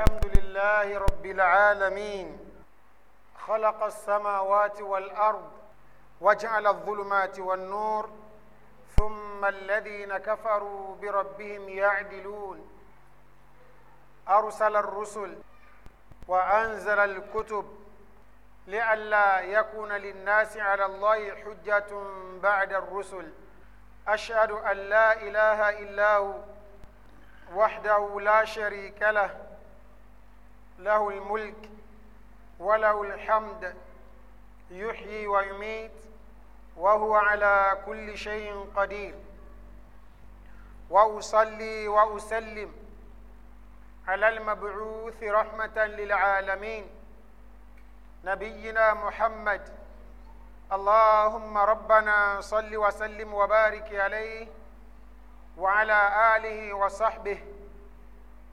الحمد لله رب العالمين خلق السماوات والأرض وجعل الظلمات والنور ثم الذين كفروا بربهم يعدلون أرسل الرسل وأنزل الكتب لئلا يكون للناس على الله حجة بعد الرسل أشهد أن لا إله إلا هو وحده لا شريك له له الملك وله الحمد يحيي ويميت وهو على كل شيء قدير واصلي واسلم على المبعوث رحمه للعالمين نبينا محمد اللهم ربنا صل وسلم وبارك عليه وعلى اله وصحبه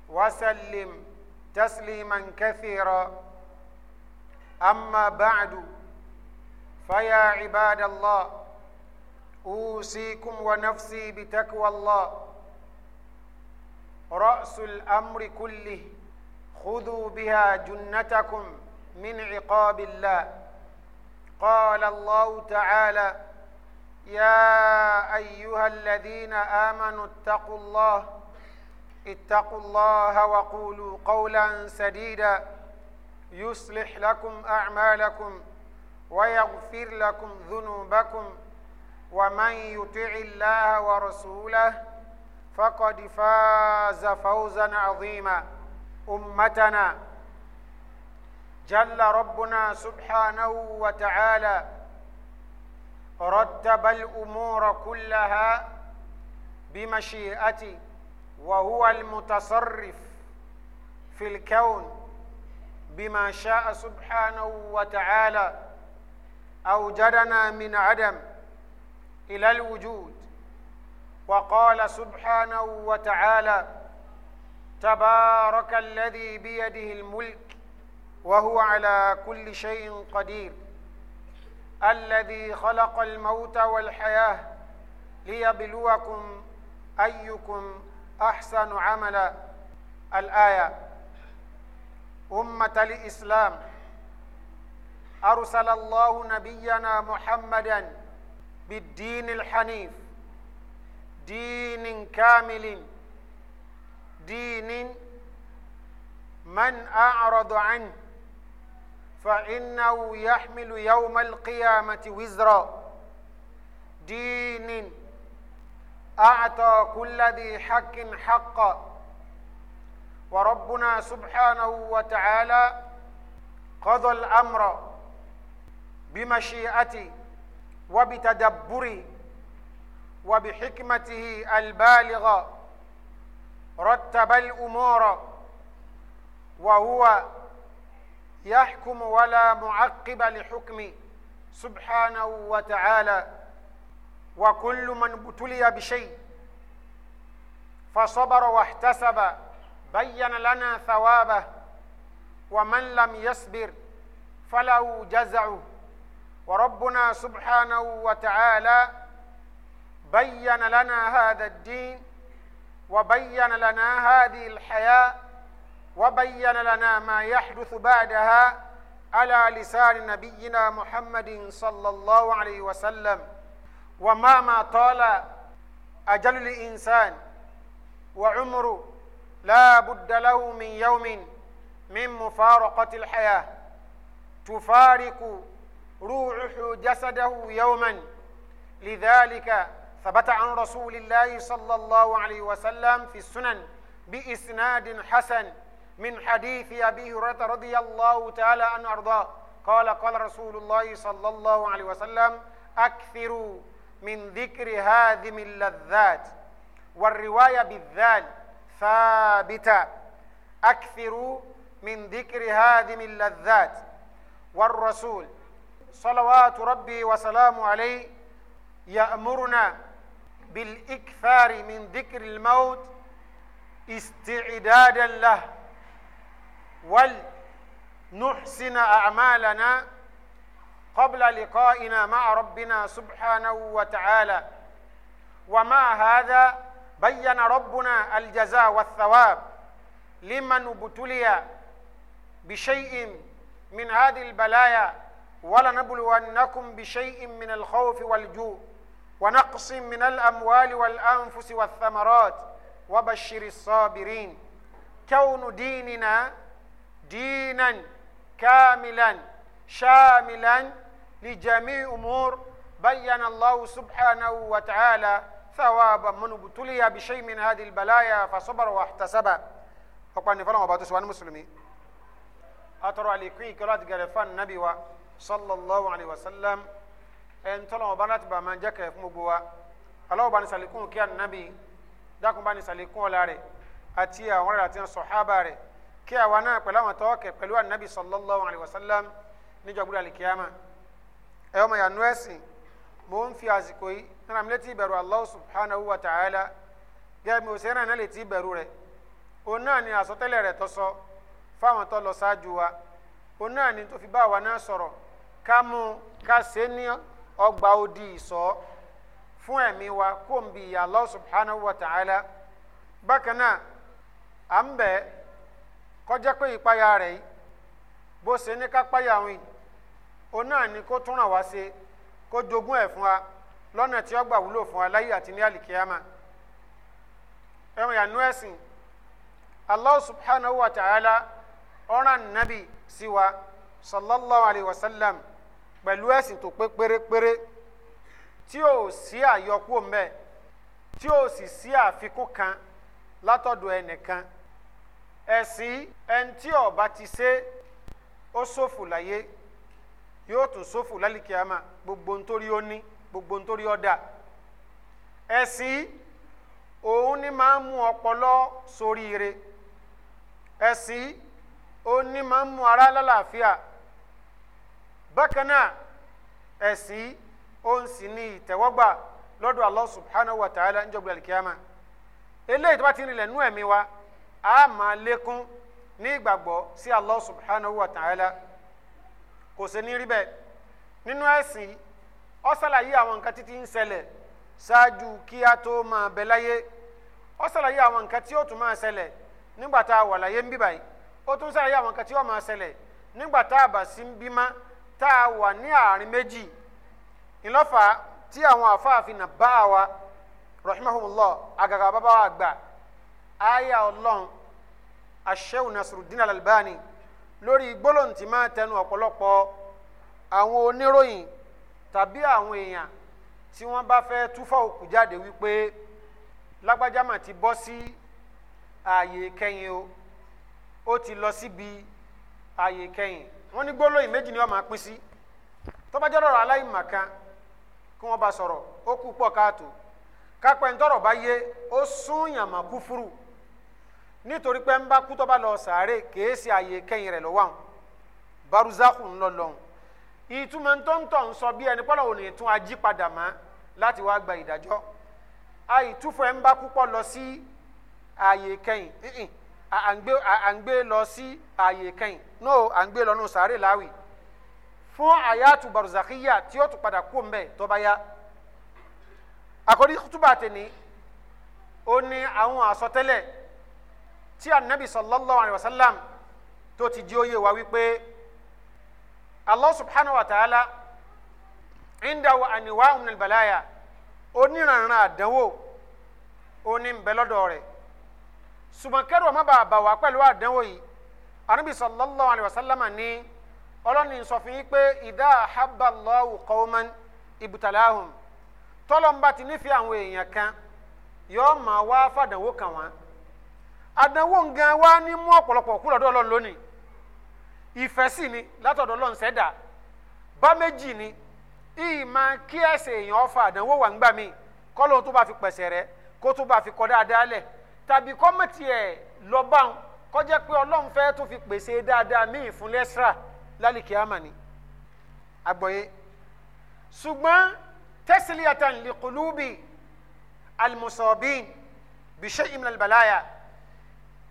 وسلم تسليما كثيرا اما بعد فيا عباد الله اوصيكم ونفسي بتقوى الله راس الامر كله خذوا بها جنتكم من عقاب الله قال الله تعالى يا ايها الذين امنوا اتقوا الله اتقوا الله وقولوا قولا سديدا يصلح لكم اعمالكم ويغفر لكم ذنوبكم ومن يطع الله ورسوله فقد فاز فوزا عظيما امتنا جل ربنا سبحانه وتعالى رتب الامور كلها بمشيئته وهو المتصرف في الكون بما شاء سبحانه وتعالى أوجدنا من عدم إلى الوجود وقال سبحانه وتعالى تبارك الذي بيده الملك وهو على كل شيء قدير الذي خلق الموت والحياة ليبلوكم أيكم أحسن عملا الآية أمة الإسلام أرسل الله نبينا محمدا بالدين الحنيف دين كامل دين من أعرض عنه فإنه يحمل يوم القيامة وزرا دين أعطى كل ذي حق حقا وربنا سبحانه وتعالى قضى الأمر بمشيئتي وبتدبري وبحكمته البالغة رتب الأمور وهو يحكم ولا معقب لحكم سبحانه وتعالى وكل من ابتلي بشيء فصبر واحتسب بين لنا ثوابه ومن لم يصبر فله جزع وربنا سبحانه وتعالى بين لنا هذا الدين وبين لنا هذه الحياه وبين لنا ما يحدث بعدها على لسان نبينا محمد صلى الله عليه وسلم ومهما طال أجل الإنسان وعمره لا بد له من يوم من مفارقة الحياة تفارق روحه جسده يوما لذلك ثبت عن رسول الله صلى الله عليه وسلم في السنن بإسناد حسن من حديث أبي هريرة رضي الله تعالى عنه أرضاه قال قال رسول الله صلى الله عليه وسلم أكثروا من ذكر هادم اللذات والرواية بالذال ثابتة أكثروا من ذكر هادم اللذات والرسول صلوات ربي وسلامه عليه يأمرنا بالإكثار من ذكر الموت استعدادا له ولنحسن أعمالنا قبل لقائنا مع ربنا سبحانه وتعالى ومع هذا بين ربنا الجزاء والثواب لمن ابتلي بشيء من هذه البلايا ولنبلونكم بشيء من الخوف والجوع ونقص من الاموال والانفس والثمرات وبشر الصابرين كون ديننا دينا كاملا شاملا لجميع أمور بين الله سبحانه وتعالى ثواب من ابتلي بشيء من هذه البلايا فصبر واحتسب فقال نفلا وباتو سوان مسلمي أترى عليكي كرات غرفان نبي صلى الله عليه وسلم ẹn tọ́lọ̀ ọba láti bá máa jẹ́ kẹ́ fún gbogbo wa aláwọ̀ bá ní sàlékún kí ànábì dákun bá ní sàlékún ọ̀la rẹ̀ àti àwọn rẹ̀ àti sọ̀hábà rẹ̀ kí àwa náà pẹ̀lú àwọn tọ́wọ́kẹ̀ pẹ̀lú ànábì sallallahu alaihi wasallam níjọ́ gbúdọ̀ àlìkíyàmá ɛma yɛano asi ma ɔmfi ase kɔ yi na namele ti bɛro allah subhanahu wa taala gɛ me osɛ na nale ti bɛro rɛ ona ni asɔtɛlɛ rɛ tɔsɔ fa wɔn tɔ lɔ saa juwa ona ni tofi ba wa na sɔrɔ ka kase ni ɔgba odi sɔ fún ɛmi wa kó n bi ya allah subhanahu wa taala bákan náà à ń bɛ kɔjɛ kó ipaya ona ni ko tún ràn wá ṣe kó jogún ẹ̀ fún wa lọ́nà tí ó gbà wúlò fún wa láyé àti ní àlìkíyàmà ẹ̀rùn Allah subhanahu wa ta'ala ọ̀ràn nabi sí wa sallallahu alayhi wa sallam pẹ̀lú ẹ̀sìn tó pé pérépéré tí ò sí àyọkú mbẹ tí ò sì sí àfikún kan látọ̀dọ̀ ẹnìkan ẹ̀sìn ẹni tí ó bá ti ṣe ó ṣòfò láyé. yóò tún sófò lálìkíyàmá gbogbo nítorí ó ní gbogbo nítorí ó dà ẹ̀sìn òun ni máa ń mú ọpọlọ sóríire ẹ̀sìn òun ni máa ń mú ara lálàáfíà bákan náà ẹ̀sìn òun sì ni ìtẹ́wọ́gbà lọ́dọ̀ Allah subhanahu wa ta'ala níjọba alikiyama eléyìí tó bá ti rìnlẹ̀ nú ẹ̀mí wa a máa lékún ní ìgbàgbọ́ sí Allah subhanahu wa ta'ala kò sí ní rí bẹ́ẹ̀ nínú ẹ̀sìn ó ṣàlàyé àwọn nǹkan títí ń ṣẹlẹ̀ ṣáájú kí a tó máa bẹ láyé ó ṣàlàyé àwọn nǹkan tí ó tún máa ṣẹlẹ̀ nígbà tá a wà láyé ń bí báyìí ó tún ṣàlàyé àwọn nǹkan tí ó máa ṣẹlẹ̀ nígbà tá a bá sí ń bímá tá a wà ní àárín méjì ńlọ́fà tí àwọn àfáàfin bá a wa rahimahumullah àgàgà bàbá wa àgbà aya ọlọ́run aṣẹ́wò Nasruddin al lórí gbólóhùn tí máa tẹnu ọ̀pọ̀lọpọ̀ àwọn oníròyìn tàbí àwọn èèyàn tí wọ́n bá fẹ́ túfọ̀ òkú jáde wípé lágbájá mà ti bọ́ sí ààyè kẹyìn o ó ti lọ síbi ààyè kẹyìn wọ́n ní gbólóhùn méjì ni wọ́n máa pín sí tọ́bajọ́ lọ́rọ̀ aláìmọ̀kan kí wọ́n bá sọ̀rọ̀ ó kú pọ̀ káàtó kápẹ́ńtọ́rọ̀ bá yé ó sún yàmà kúfúrú nítorí pé ń bá kú tó bá lọ sàárè kìí àyè kẹyìn rẹ̀ lọ́wọ́ àwọn baruzaku ńlọ lọ́hùn ìtumọ̀ ntọ́ntọ́ ń sọ bí ẹni pọ́lọ́ òní tún ají padà mọ́ láti wá gba ìdájọ́ àìtúfọ̀ ẹ̀ ń bá púpọ̀ lọ sí àyè kẹyìn à ń gbé lọ sí àyè kẹyìn no à ń gbé lọ nù sàárè láwì fún àyàtú baruzakiya tí ó tún padà kú mbẹ tó yá àkọ́rí túbà tẹ̀ ó ní àwọn àsọtẹ́lẹ̀ tí anabi sallallahu alayhi wa sallam tó ti di oyè wa wípé allah subhanahu wa ta'ala indahu aniwa umnal balaya oníranran àdánwò oní nbẹlọdọ rẹ̀ sumakẹrù ọmọ bàbá wa pẹ̀lú àdánwò yìí anabi sallallahu alayhi wa sallam ní ọlọ́ni sọ fún yín pé idha habba Allahu qawman ibtalahum tọ́lọ́mbà ti nífẹ̀ẹ́ àwọn èèyàn kan yọ́ọ́ máa wá fàdánwò kàn wọ́n àdánwò ngan wa ní mú ọ̀pọ̀lọpọ̀ kú lọ́dọ̀ ọlọ́run lónìí ìfẹ́ sì ni látọ̀dọ̀ ọlọ́run sẹ́dà bá méjì ni ìmọ̀ kí ẹ̀sẹ̀ èèyàn ọ̀fà àdánwò wà ń gbà mí kọ́lóhun tó bá fi pẹ̀sẹ̀ rẹ kó tó bá fi kọ́ dáadáa lẹ̀ tàbí kọ́mọ̀tì ẹ̀ lọ bá wọn kọjá pé ọlọ́run fẹ́ tó fi pèsè dáadáa míì fún lẹ́sírà lálìkí àmàní àgbọ̀yé ṣùgbọ́n tẹ́sílíyàtà lìkùlùbì almusabin bishay'in minal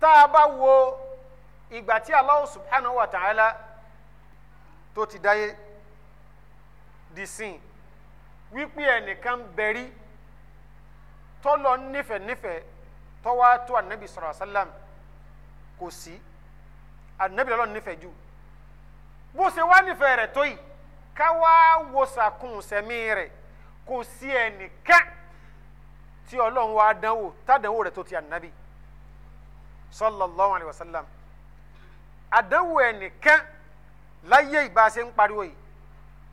tá a bá wo ìgbà tí Allah subhanahu wa ta'ala tó ti dáyé di sin wípé ẹnìkan bẹ̀rí tọ́lọ nífẹ̀ẹ́ nífẹ̀ẹ́ tọ́wá tó ànábì sallallahu alaihi wasallam kò sí ànábì lọ́lọ́ nífẹ̀ẹ́ jù bó ṣe wá nífẹ̀ẹ́ rẹ̀ tó yìí ká wá wo sàkún sẹ́mi rẹ̀ kò sí ẹnìkan tí ọlọ́run wá dánwò tádánwò rẹ̀ tó ti ànábì sallallahu alayhi wa sallam àdánwò ẹnìkan láyé ìbáṣe ń pariwo yìí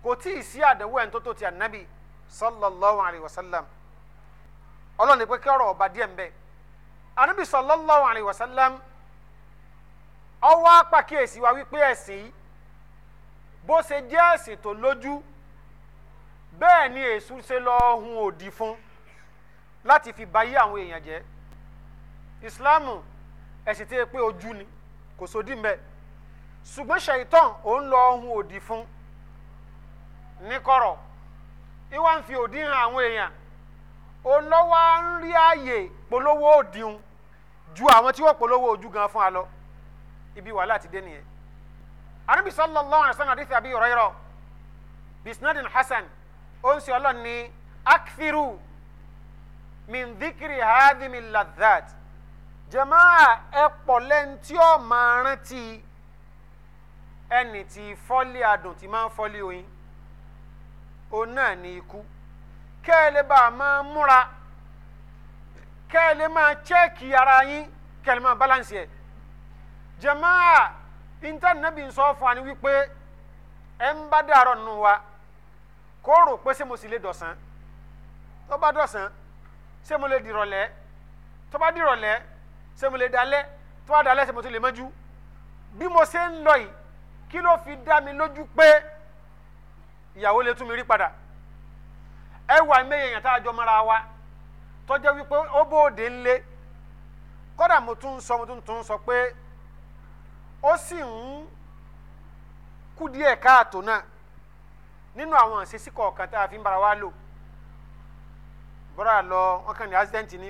kò tí ì sí àdánwò ẹni tó tó ti ànábì sallallahu alayhi wa sallam ọlọ́run ní pé kí ọ̀rọ̀ ọba díẹ̀ ń bẹ ànábì sallallahu alayhi wa sallam ọwọ́ apàkíyèsí wa wípé ẹ̀sìn yìí bó ṣe jẹ́ ẹ̀sìn tó lójú bẹ́ẹ̀ ni èṣù ṣe lọ́ọ́ hun òdì fún láti fi bayé àwọn èèyàn jẹ́ ìsìláàmù ẹ̀sìn tí ẹ pé ojú ni kò sódì ń bẹ ṣùgbọ́n ṣèyítàn òun lọ ohun òdì fún níkọ̀rọ̀ ìwà ń fi òdì hàn àwọn èèyàn òun lọ wá ń rí ààyè polówó òdìun ju àwọn tí wọ́n polówó ojú gan fún wa lọ ibi wàhálà ti dé nìyẹn. anábì sallallahu alaihi wasallam àdìsí àbí ọ̀rọ̀ bisnadin hasan ó ń sọ akfiru min dhikri ladhat jamaa ẹ pọ̀ lẹ́ni tí ó máa rántí ẹni tí fọ́lé adùn tí máa ń fọ́lé oyin òun náà ni ikú kẹ́ ẹ lè bá a máa múra kẹ́ ẹ lè máa chẹ́ẹ̀kì ara yín kẹ́ ẹ lè máa balance ẹ̀ jamaa intanẹ́bì ń sọ fún wa ni wípé ẹ ń bá dàrọ̀ nù wa kó rò pé ṣé mo sì lè dọ̀sán tó bá dọ̀sán ṣé mo lè dìrọ̀lẹ́ tó bá dìrọ̀lẹ́. ṣé mo lè dalẹ̀ tó bá dalẹ̀ ṣé mo tún lè bí mo ṣe ń lọ yìí kí ló fi dá mi lójú pé ìyàwó lè tún mi rí padà ẹ wà mẹ́yẹ̀ yẹn tá a jọ mọ́ra wa tọ́jọ́ wípé ó bóde ńlé kódà mo tún sọ mo tún tún sọ pé ó sì ń kú díẹ̀ káàtó náà nínú àwọn àṣesí kọ̀ọ̀kan tá a fi ń bara wa lò bọ́dà lọ wọn kàn ní accident ní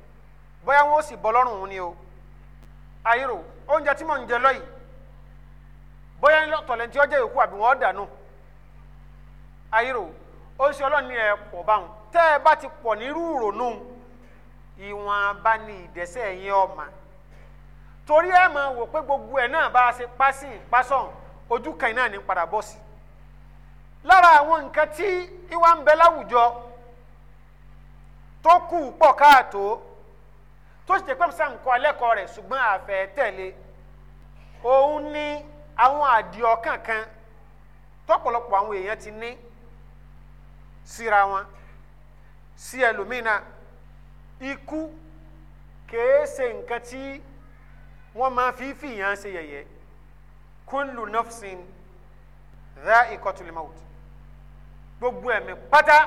bóyá wọn ó sì bọ́ lọ́rùn òun ni o àyírò oúnjẹ tí mò ń jẹ lọ́yìí bóyá tọ̀lẹ́ntì ọjọ́ ìkú àbí wọ́n dànù àyírò ó ń ṣe ọlọ́run ní ẹ pọ̀ báwọn tẹ́ ẹ bá ti pọ̀ nírú ìrònú ìwọ̀n bá ní ìdẹ́sẹ̀ ọ̀ma torí gbogbo ẹ̀ náà bá a ṣe pásì pásọ̀n ojú kan náà ní padà sí lára àwọn nǹkan tí ìwà ń bẹ tó sì jẹ́ pé sàn kọ́ alẹ́kọ̀ọ́ rẹ̀ ṣùgbọ́n àfẹ́ tẹ̀lé òun ní àwọn àdìọ́ kankan tọ́pọ̀lọpọ̀ àwọn èèyàn ti ní síra wọn sí ẹlòmínà ikú kèé ṣe nǹkan tí wọ́n máa fi fìyàn ṣe yẹ̀yẹ́ kullu nafsin dha'iqatul maut gbogbo ẹ̀mí pátá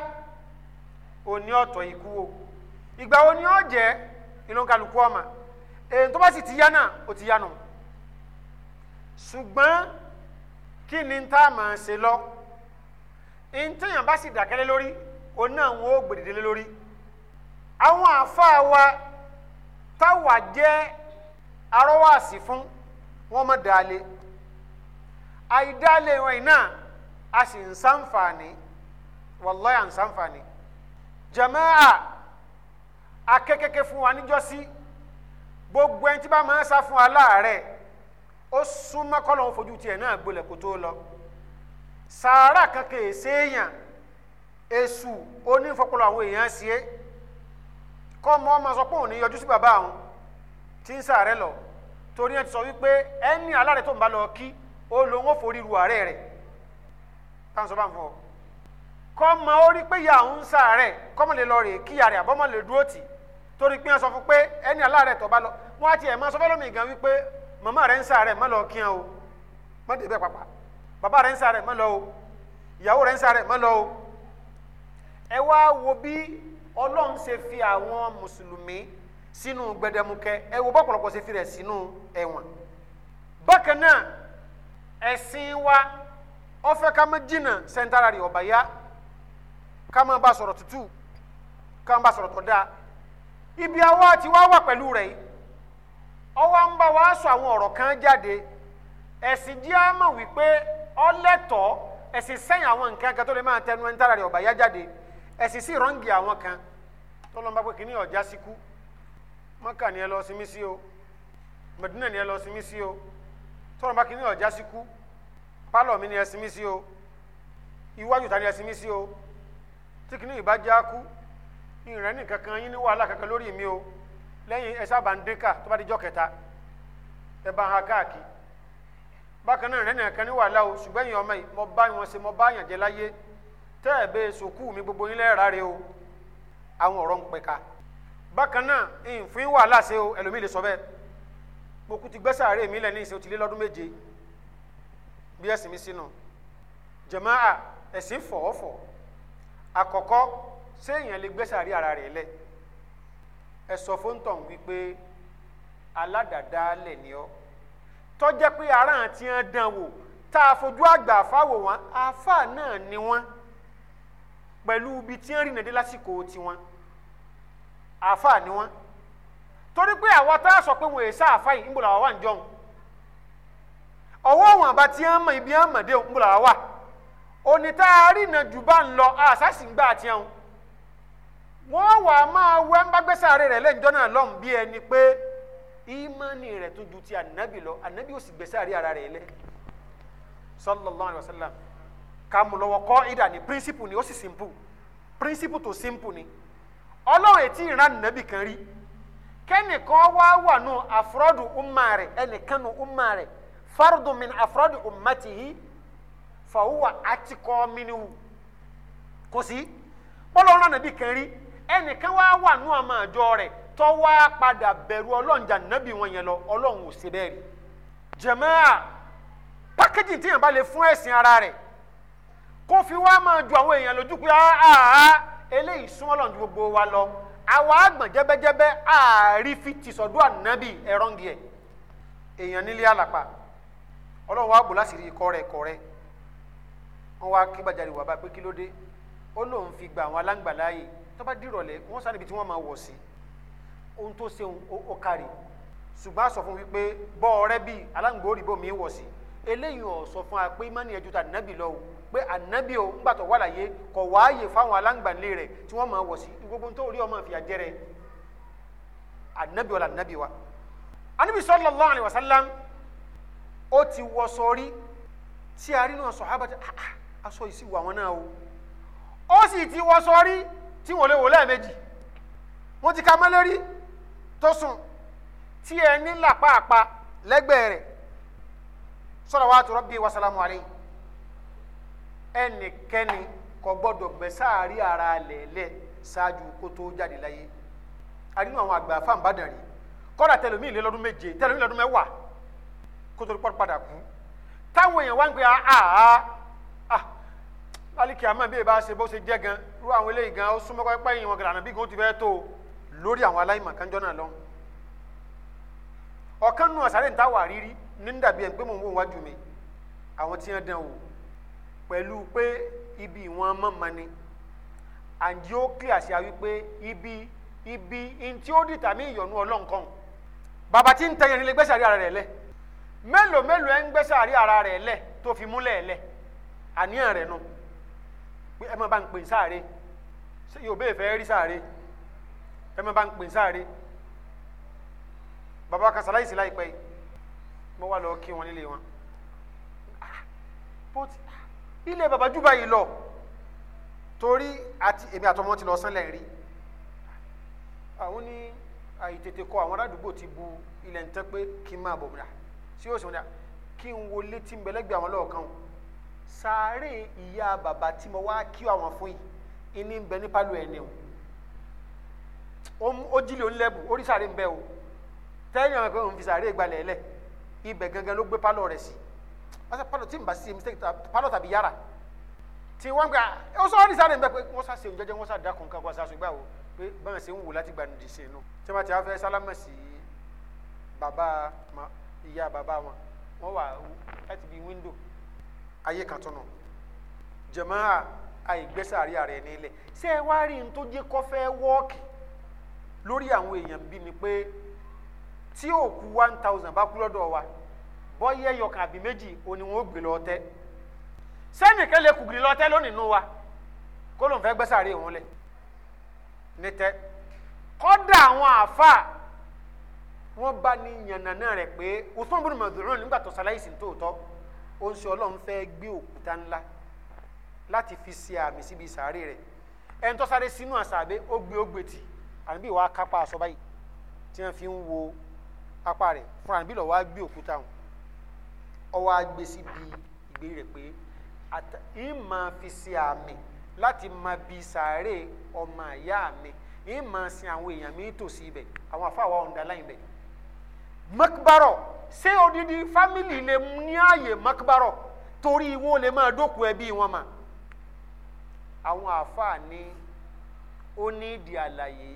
òní ọ̀tọ̀ ikú o ìgbà wo ni ó jẹ́ inú kálukú ọmọ èyí tó bá sì ti yá náà ó ti yá nù ṣùgbọ́n kí ni tá a máa ṣe lọ ìtẹ̀yàn bá sì dàkẹ́lẹ́ lórí òun náà wọn ò gbèdédélé lórí àwọn àáfàá wa táwa jẹ́ arọ́wàsí fún wọn mọ̀ dáálé àìdáálé wọn iná a sì ń sàǹfààní wàlláhì ń sàǹfààní jàmáà akékèké fún wa níjọ́sí gbogbo ẹni tí bá máa ń sá fún wa láàárẹ̀ ó súnmọ́ kọ́lọ̀ ń fojú tiẹ̀ náà gbolẹ̀ kó tó lọ sàárà kankan èsèèyàn èṣù onífọpọlọ àwọn èèyàn sí é kọ́ mọ́ ọmọ sọ pé òun ní yọjú sí bàbá àwọn tí ń sàárẹ̀ lọ torí ẹ ti sọ wípé ẹni aláàrẹ̀ tó ń bá lọ kí ó lo ń ó forí àárẹ̀ rẹ̀ táwọn sọ bá ń fọ kọ́ mọ ó rí pé ìyá òun ń sàárẹ̀ kọ́mọ lè lọ rè kíyà rẹ̀ àbọ́mọ lè dúró tì í torí pé wọ́n sọ fún pé ẹni aláàárẹ̀ tó bá lọ wọ́n á tiẹ̀ máa sọ fẹ́lómi gan wípé màmá rẹ̀ ń sàárẹ̀ má lọ kí wọn o má débẹ̀ pàpà bàbá rẹ̀ ń sàárẹ̀ má lọ o ìyàwó rẹ̀ ń sàárẹ̀ má lọ o ẹ wá wo bí ọlọ́run ṣe fi àwọn mùsùlùmí sínú gbẹdẹmukẹ ẹ wo bọ́pọ̀lọpọ̀ ṣe fi rẹ̀ sínú ẹ̀wọ̀n bákan náà ẹ̀sìn wa ó fẹ́ ká má jìnnà sẹ́ńtárà rẹ̀ ọ̀bàyá ká má bá sọ̀rọ̀ tútù ká má bá sọ̀rọ̀ tó dáa ibi àwa ti wá wà pẹ̀lú rẹ̀ ọwọ́ ń bá wa sọ àwọn ọ̀rọ̀ kan jáde ẹ̀sìn jẹ́ á mọ̀ wípé ọlẹ́tọ̀ ẹ̀sìn sẹ́yìn àwọn nǹkan kan tó lè máa tẹnu ẹni tára rẹ̀ ọ̀bà yá jáde ẹ̀sìn sì rọ́ǹgì àwọn kan tó lọ́n bá pé kìíní ọ̀já síkú mọ́kà ni ẹ lọ sinmi sí o mẹ̀dínà ni ẹ lọ sinmi sí o tó lọ́n bá kìíní ọ̀já síkú pálọ̀ mi ni ẹ sinmi sí o iwájú ta ni ẹ sinmi sí o tí kìíní ìbá já kú ìrẹ́ kankan kan yín ní wàhálà kankan lórí mi o lẹ́yìn ẹ sábà ń dín tó bá di jọ́ kẹta ẹ bá ha káàkiri bákan náà ní wàhálà o ṣùgbọ́n ẹ̀yin ọmọ yìí mo bá wọn ṣe mo bá yàn jẹ láyé tẹ́ ẹ̀ mi gbogbo yín lẹ́ẹ̀rá re o àwọn ọ̀rọ̀ ń pẹ́ ka bákan náà ìfún wàhálà ṣe o ẹlòmíì lè sọ bẹ́ẹ̀ mo kú ti mi ṣé èèyàn lè gbé sàárì ara rẹ̀ lẹ̀ ẹ sọ fóńtàn wípé aládàdálẹ̀ ni ọ́ tọ́jẹ́ pé ara àti ẹ̀ dán wò tá a fojú àgbà fáwò wọn àáfà náà ni wọ́n pẹ̀lú ibi tí ń rìnà dé lásìkò tiwọn àáfà ni wọ́n torí pé àwa tá a sọ pé wọn èyí sáàfà yìí ń bọ̀ làwọn wà ń jọun ọwọ́ wọn àbá tí ń mọ ibi ń mọ̀ dé ń bọ̀ làwọn wà òní tá a rìnà jù bá ń lọ àṣà tiẹ̀ hàn wọ́n wà á máa wá ń bá gbẹ́sàárẹ̀ rẹ̀ lẹ́yìn jọ́nà lọ́hùn bí ẹni pé ìmánì rẹ̀ tó ju ti ànábì lọ ànábì ò sì gbẹ́sàárẹ̀ ara rẹ̀ lẹ́ sallallahu alayhi wa kàmùlọ́wọ́ kọ́ ìdà ní píríncípù ni ó sì simple píríncípù tó simple ni ọlọ́run ètí ìran ànábì kan rí kẹ́nìkan wá wà nù àfúrọ́dù umma rẹ̀ ẹnìkan nù umma rẹ̀ fardu àfúrọ́dù ummatihi fàwùwà àtikọ́ miniwu ẹnìkan wá wà nù àmọ́ àjọ rẹ̀ tó wá padà bẹ̀rù ọlọ́njà nàbì wọn yẹn lọ ọlọ́run ò ṣe bẹ́ẹ̀ rí jẹ̀mọ́à pákéjì tíyàn bá lè fún ẹ̀sìn ara rẹ̀ kó fi wá máa ju àwọn èèyàn lójú pé áá ah, ah, ah, eléyìí súnmọ́ lọ́nà gbogbo wa lọ àwa àgbọ̀n jẹ́bẹ́jẹ́bẹ́ àrífi tìsọ̀dọ̀ ànábì ẹ̀rọ́ǹgì ẹ̀ èèyàn nílé àlàpà ọlọ́run wa bò láṣìírí ikọ́ rẹ̀ kọ́ rẹ̀ wọ́n wá kí gbàjarè wà bá pé kí ló dé ó lóun fi gba àwọn aláǹgbà láàyè tó bá dìrọ̀lẹ́ wọ́n sáré ibi tí wọ́n máa wọ̀ sí ohun tó ṣe ó kárí ṣùgbọ́n a sọ fún wípé bọ́ ọ̀rẹ́ bíi aláǹgbóòrì bò mí wọ̀ sí eléyìí ọ̀ sọ fún wa pé mọ́ni ẹ̀jú ta nàbì lọ o pé ànábì o ńgbà tó wà láyé kọ̀ wáàyè fáwọn aláǹgbàǹlé rẹ̀ tí wọ́n máa wọ̀ sí gbogbo tó rí ọmọ ìfìyà jẹrẹ ànábì ọ̀là ànábì wa. ànábì sallallahu alaihi wasallam ó ti wọ sọrí tí a rí náà sọ̀hábà tí ah, ah, aṣọ ìsìwò àwọn náà o ó sì ti wọ sọrí tí wọ́n lè wò lẹ́ẹ̀mejì wọ́n ti ka mọ́lẹ́rí tó sùn tí ẹ ní làpáàpá lẹ́gbẹ̀ẹ́ rẹ̀ salawatu rabbi wa salamu alayhi ẹnikẹ́ni kò gbọ́dọ̀ gbẹ́ sáàrí ara lẹ̀lẹ́ ṣáájú kó tó jáde láyé àdínú àwọn àgbà fáǹbàdàn rí kọ́dà tẹlomi ìlé lọ́dún méje tẹlomi lọ́dún mẹ́wàá kó tó padà kú táwọn èèyàn wá ń pe àá lálìkì àmọ́ bí ìbá ṣe bó ṣe jẹ́ gan ru àwọn eléyìí gan ó súnmọ́ pẹ́pẹ́ yìí wọn gàdànà bí gan ó ti fẹ́ tó lórí àwọn aláìmọ̀ kan jọ́nà lọ. ọ̀kan nù àṣàrẹ̀ ń táwà rírí ní ń dàbí ẹ̀ pé mò ń wò wájú mi àwọn tí wọ́n dán wò pẹ̀lú pé ibi ìwọ̀n mọ̀mọ́ ni àǹjí ó kí àṣà wípé ibi ibi ntí ó dìtà mí ìyọ̀nù ọlọ́nkàn bàbá tí ń tẹyẹ nílé gbẹ́sàrí ara rẹ̀ lẹ̀ mélòó mélòó pé ẹ máa bá ń pè sáàre ṣé yóò bẹ́ẹ̀ fẹ́ rí sáàre ẹ máa bá ń pè sáàre bàbá kasalaisi láìpẹ́ yìí mo wá lọ kí wọn nílé wọn ah, ah, ilé bàbá jù báyìí lọ torí àti èmi àtọmọ ti lọ sánlẹ̀ rí àwọn ah, ní àìtètè kọ àwọn aládùúgbò ti bu ilẹ̀ ń tẹ́ pé kí n máa bọ̀ bùdà sí òsì wọn dà kí n wo létí ń bẹ lẹ́gbẹ̀ẹ́ àwọn lọ́ọ̀kan o sáré ìyá bàbá tí mo wá kí àwọn fún yìí ìní ń bẹ ní pálọ̀ ẹni o ó jílẹ̀ onílẹ̀bù orí sáré ń bẹ o tẹ́yìn àwọn akẹ́kọ̀ọ́ ń fi sáré gbalẹ̀ ẹlẹ̀ ibẹ̀ gangan ló gbé pálọ̀ rẹ̀ sí wọ́n sọ pálọ̀ tí n bá sí mistake pálọ̀ tàbí yàrá tí wọ́n gbà ó sọ ọ́nì sáré ń bẹ pé wọ́n sá sèun jẹ́jẹ́ wọ́n sá dákun kan wọ́n sá sùn gbàwó pé báyọ̀ sí ń wò láti gbà nìdí sínú tí wọ́n ti á fẹ́ sálámà sí bàbá ìyá bàbá wọn wọ́n wà láti bí wíńdò ayé kan tún nù jàmáà àìgbẹ́sẹ̀ àrí ààrẹ nílẹ̀ ṣé ẹ wá rí n tó jẹ́ kọ́ wọ́ọ̀kì lórí àwọn èèyàn bí ni pé tí òkú one thousand bá kú lọ́dọ̀ wa bọ́yẹ yọkàn àbí méjì òní wọn ó gbé lọ tẹ́ lè kùgìrì lọ tẹ́ lónìí wa kó ló ń fẹ́ gbẹ́sẹ̀ wọn lẹ̀ ní tẹ́ kọ́dà àwọn àáfàá bá ní rẹ̀ pé Usman ó ń ṣe ọlọ́run fẹ́ gbé òkúta ńlá láti fi ṣe àmì síbi sàárè rẹ̀ ẹni tó sáré sínú àṣàbẹ́ ó gbé ó gbé tì àbí wàá kápá aṣọ báyìí tí wọ́n fi ń wo apá rẹ̀ fún àbí lọ́ọ́ wá gbé òkúta hàn ọwọ́ á gbé síbi ìgbé rẹ̀ pé ìmọ̀ fi ṣe àmì láti mọ bí sàárè ọmọ ìyá mi ìmọ̀ sin àwọn èèyàn mi tòsí ibẹ̀ àwọn àfáà wa ọ̀ǹda makbarọ ṣé odidi fámìlì lè ní ààyè makbarọ torí wọn lè máa dókun ẹbí wọn mà àwọn àáfàá ní ó ní ìdí àlàyé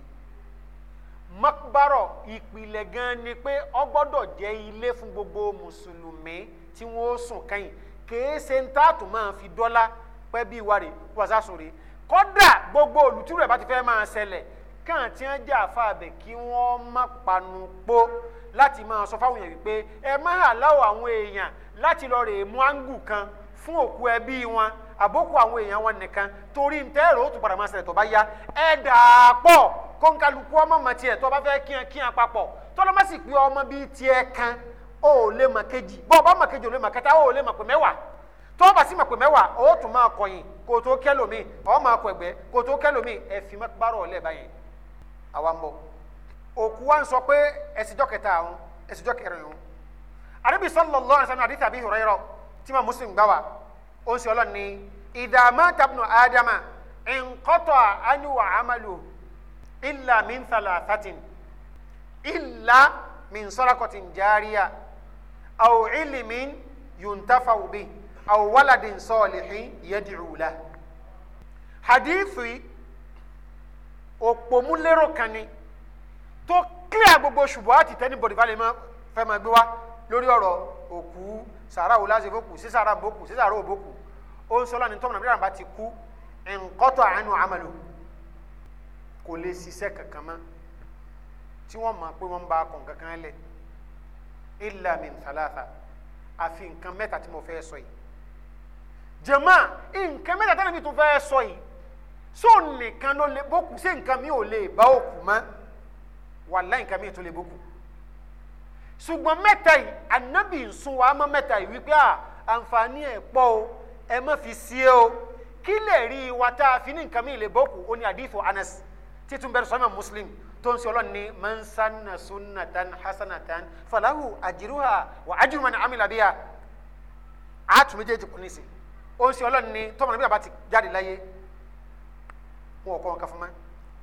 makbarọ ìpìlẹ̀ gan ni pé ó gbọ́dọ̀ jẹ́ ilé fún gbogbo mùsùlùmí tí wọ́n ó sùn kẹ́yìn kèé ṣe ń tààtù máa fi dọ́là pẹ́ bí ìwà rè wàsásùn rè kọ́dà gbogbo olùtúrò ẹ̀ bá ti fẹ́ máa ṣẹlẹ̀ kí àǹtí ẹ̀ jẹ́ àfa àbẹ̀ kí wọ́n má panu pọ̀ láti máa sọ fáwọn èèyàn wípé ẹ má àláwọ̀ àwọn èèyàn láti lọ rè mú áńgù kan fún òkú ẹbí wọn àbókù àwọn èèyàn wọn nìkan torí ntẹ́rọ ó tún padà máa ṣẹlẹ̀ tó bá yá ẹ dàá pọ̀ kó ń kálukú ọmọ mọ̀ tiẹ̀ tó bá fẹ́ kíyan kíyan papọ̀ tọ́lọ́mọ́sì pé ọmọ bíi tiẹ̀ kan ó lè mọ̀ kejì bọ́ ọba mọ̀ kejì ó lè mọ̀ kẹta ó lè mọ̀ pé mẹ́wàá tó bá sì mọ̀ pé mẹ́wàá ó tún máa kọyìn kó tó kẹ́lòmíì ó máa kọ kó tó kẹ́lòmíì ẹ fi mọ́ bárò ọ̀lẹ́ báyìí àwa ń bọ̀ òkú wa ń sọ pé ẹsìjọ́ kẹta àwọn ẹsìjọ́ kẹrin òun àdébí sallallahu alaihi wasallam àdìsí àbí ìhòòrò ẹ̀rọ tí ma muslim gbá wa ó ń sọ ọlọ́run ní idha mata ibnu ádámà inqata anhu amalu illa min thalathatin illa min sadaqatin jariya aw ilmin yuntafa'u bihi aw waladin salihin hadithi òpómúlérò kan ni tó clear gbogbo ṣùgbọ́n àti tẹ́nibọ̀dì balẹ̀ mọ́ fẹ́ máa gbé wá lórí ọ̀rọ̀ òkú sàrà wò láti fòkù sí sàrà bòkù sí sàrà òbòkù ó ń sọ́lá ní tọ́mọ̀nà bí àràǹbá ti kú nkọ́tọ̀ àánú àmàlò kò lè ṣiṣẹ́ kankan mọ́ tí wọ́n mọ̀ pé wọ́n ń ba akọ̀ kankan lẹ̀ illa min thalatha àfi nǹkan mẹ́ta tí mo fẹ́ sọ yìí jàmá nǹkan mẹ́ta tẹ́lẹ̀ mi tún fẹ́ sọ yìí sóò nìkan ló lè bókù sí nǹkan mi ò lè bá òkú mọ́ wàláhì nǹkan mìíràn tó lè bókù ṣùgbọ́n mẹ́ta yìí ànábì ń sun wàá mọ́ mẹ́ta yìí wípé àǹfààní ẹ̀ pọ̀ o ẹ má fi sí o kí lè rí wa tá a fi ní o mìíràn lè bókù ó ní àdìfò anas títún bẹ́ẹ̀ sọ́mọ̀ muslim tó ń sọ mansan ní man sanna sunnatan hasanatan falahu ajiruha wa ajiru man amila biha àtún méjèèjì kò ní sí ó ń sọ ọlọ́run ní tọ́mọ̀ níbi àbá ti jáde láyé wọn ò kọ́ wọn ká fún ma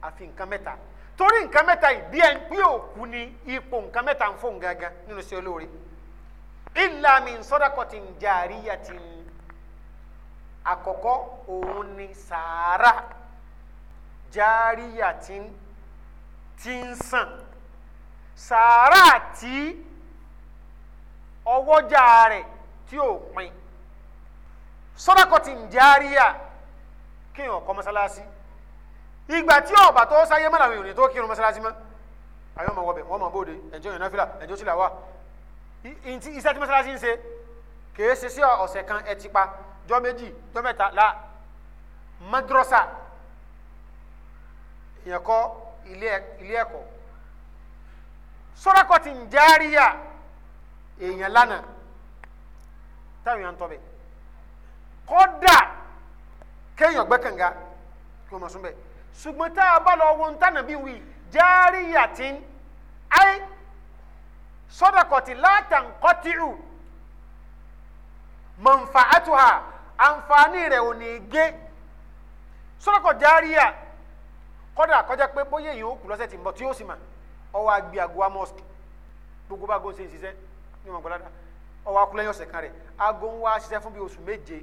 àfi nǹkan mẹ́ta torí nǹkan mẹ́ta yìí bí ẹni pé òkú ni ipò nǹkan mẹ́ta ń fóun gangan nínú sí olóore illa min sadaqatin jariyatin àkọ́kọ́ òun ni sàárà jariyatin ti ń sàn sàárà tí ọwọ́jà rẹ̀ tí ò pin sadaqatin jariya kéèyàn kọ́ mọ́sálásí ìgbà tí ọba tó sáyé mọ́ làwọn èèyàn tó kírun mọ́sálásí mọ́ àwọn ọmọ wọbẹ̀ wọ́n mọ̀ bóde ẹ̀jọ́ yẹn náfìlà ẹ̀jọ́ sílà wà iṣẹ́ tí mọ́sálásí ń ṣe kèé ṣe sí ọ̀sẹ̀ kan ẹ ti pa jọ méjì jọ mẹ́ta la madrasa ìyẹn kọ́ ilé ẹ̀kọ́ sọ́dọ̀kọ̀ ti ń járíyà èèyàn lánàá táwọn èèyàn ń tọ́ bẹ̀ kódà kéèyàn gbẹ́kànga kí wọ́n mọ̀ sún bẹ́ẹ̀ ṣùgbọ́n tá a bá lọ wo ntànà bí wí jariyatin ay sadaqati la tanqati'u manfa'atuha àǹfààní rẹ̀ ò ní gé sadaqa jariya kọ́dà kọjá pé bóyá èèyàn ó kù lọ́sẹ̀ tí ń bọ̀ tí ó sì mà ọwọ́ agbe àgọ́ amọ́sùkì gbogbo bá gbóhùn ṣe ń ṣiṣẹ́ ní ọmọ gbọ́dá ọwọ́ akúlẹ́yìn ọ̀sẹ̀ kan rẹ̀ aago ń wá ṣiṣẹ́ fún bí oṣù méje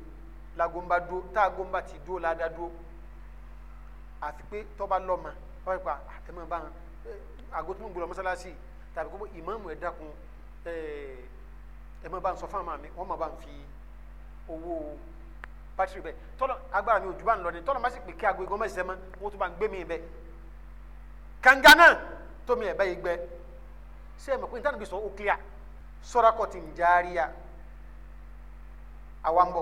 laago ń tá aago ń bá ti dúró ládàá dúró àfi pé tọ́ba lọ́mọ wọ́n pa ah, ẹ̀ máa bá wọn àgọ́ tó ń gbọ́dọ̀ mọ́sálásí tàbí kó ìmáàmù ẹ̀ dákun ẹ̀ máa bá ń sọ fún àmà mi wọ́n máa bá ń fi owó bátìrì bẹ́ẹ̀ tọ́lọ̀ agbára mi ò jù bá ń lọ ni tọ́lọ̀ má sì pè kí aago igun mẹ́sẹ̀ mọ́ wọ́n tún bá ń gbé mi bẹ́ẹ̀ kànga náà tómi ẹ̀ báyìí gbẹ ṣé ẹ̀ mọ̀ pé nítorí sọ ó sọ́rakọ̀ tí ń járíya àwa ń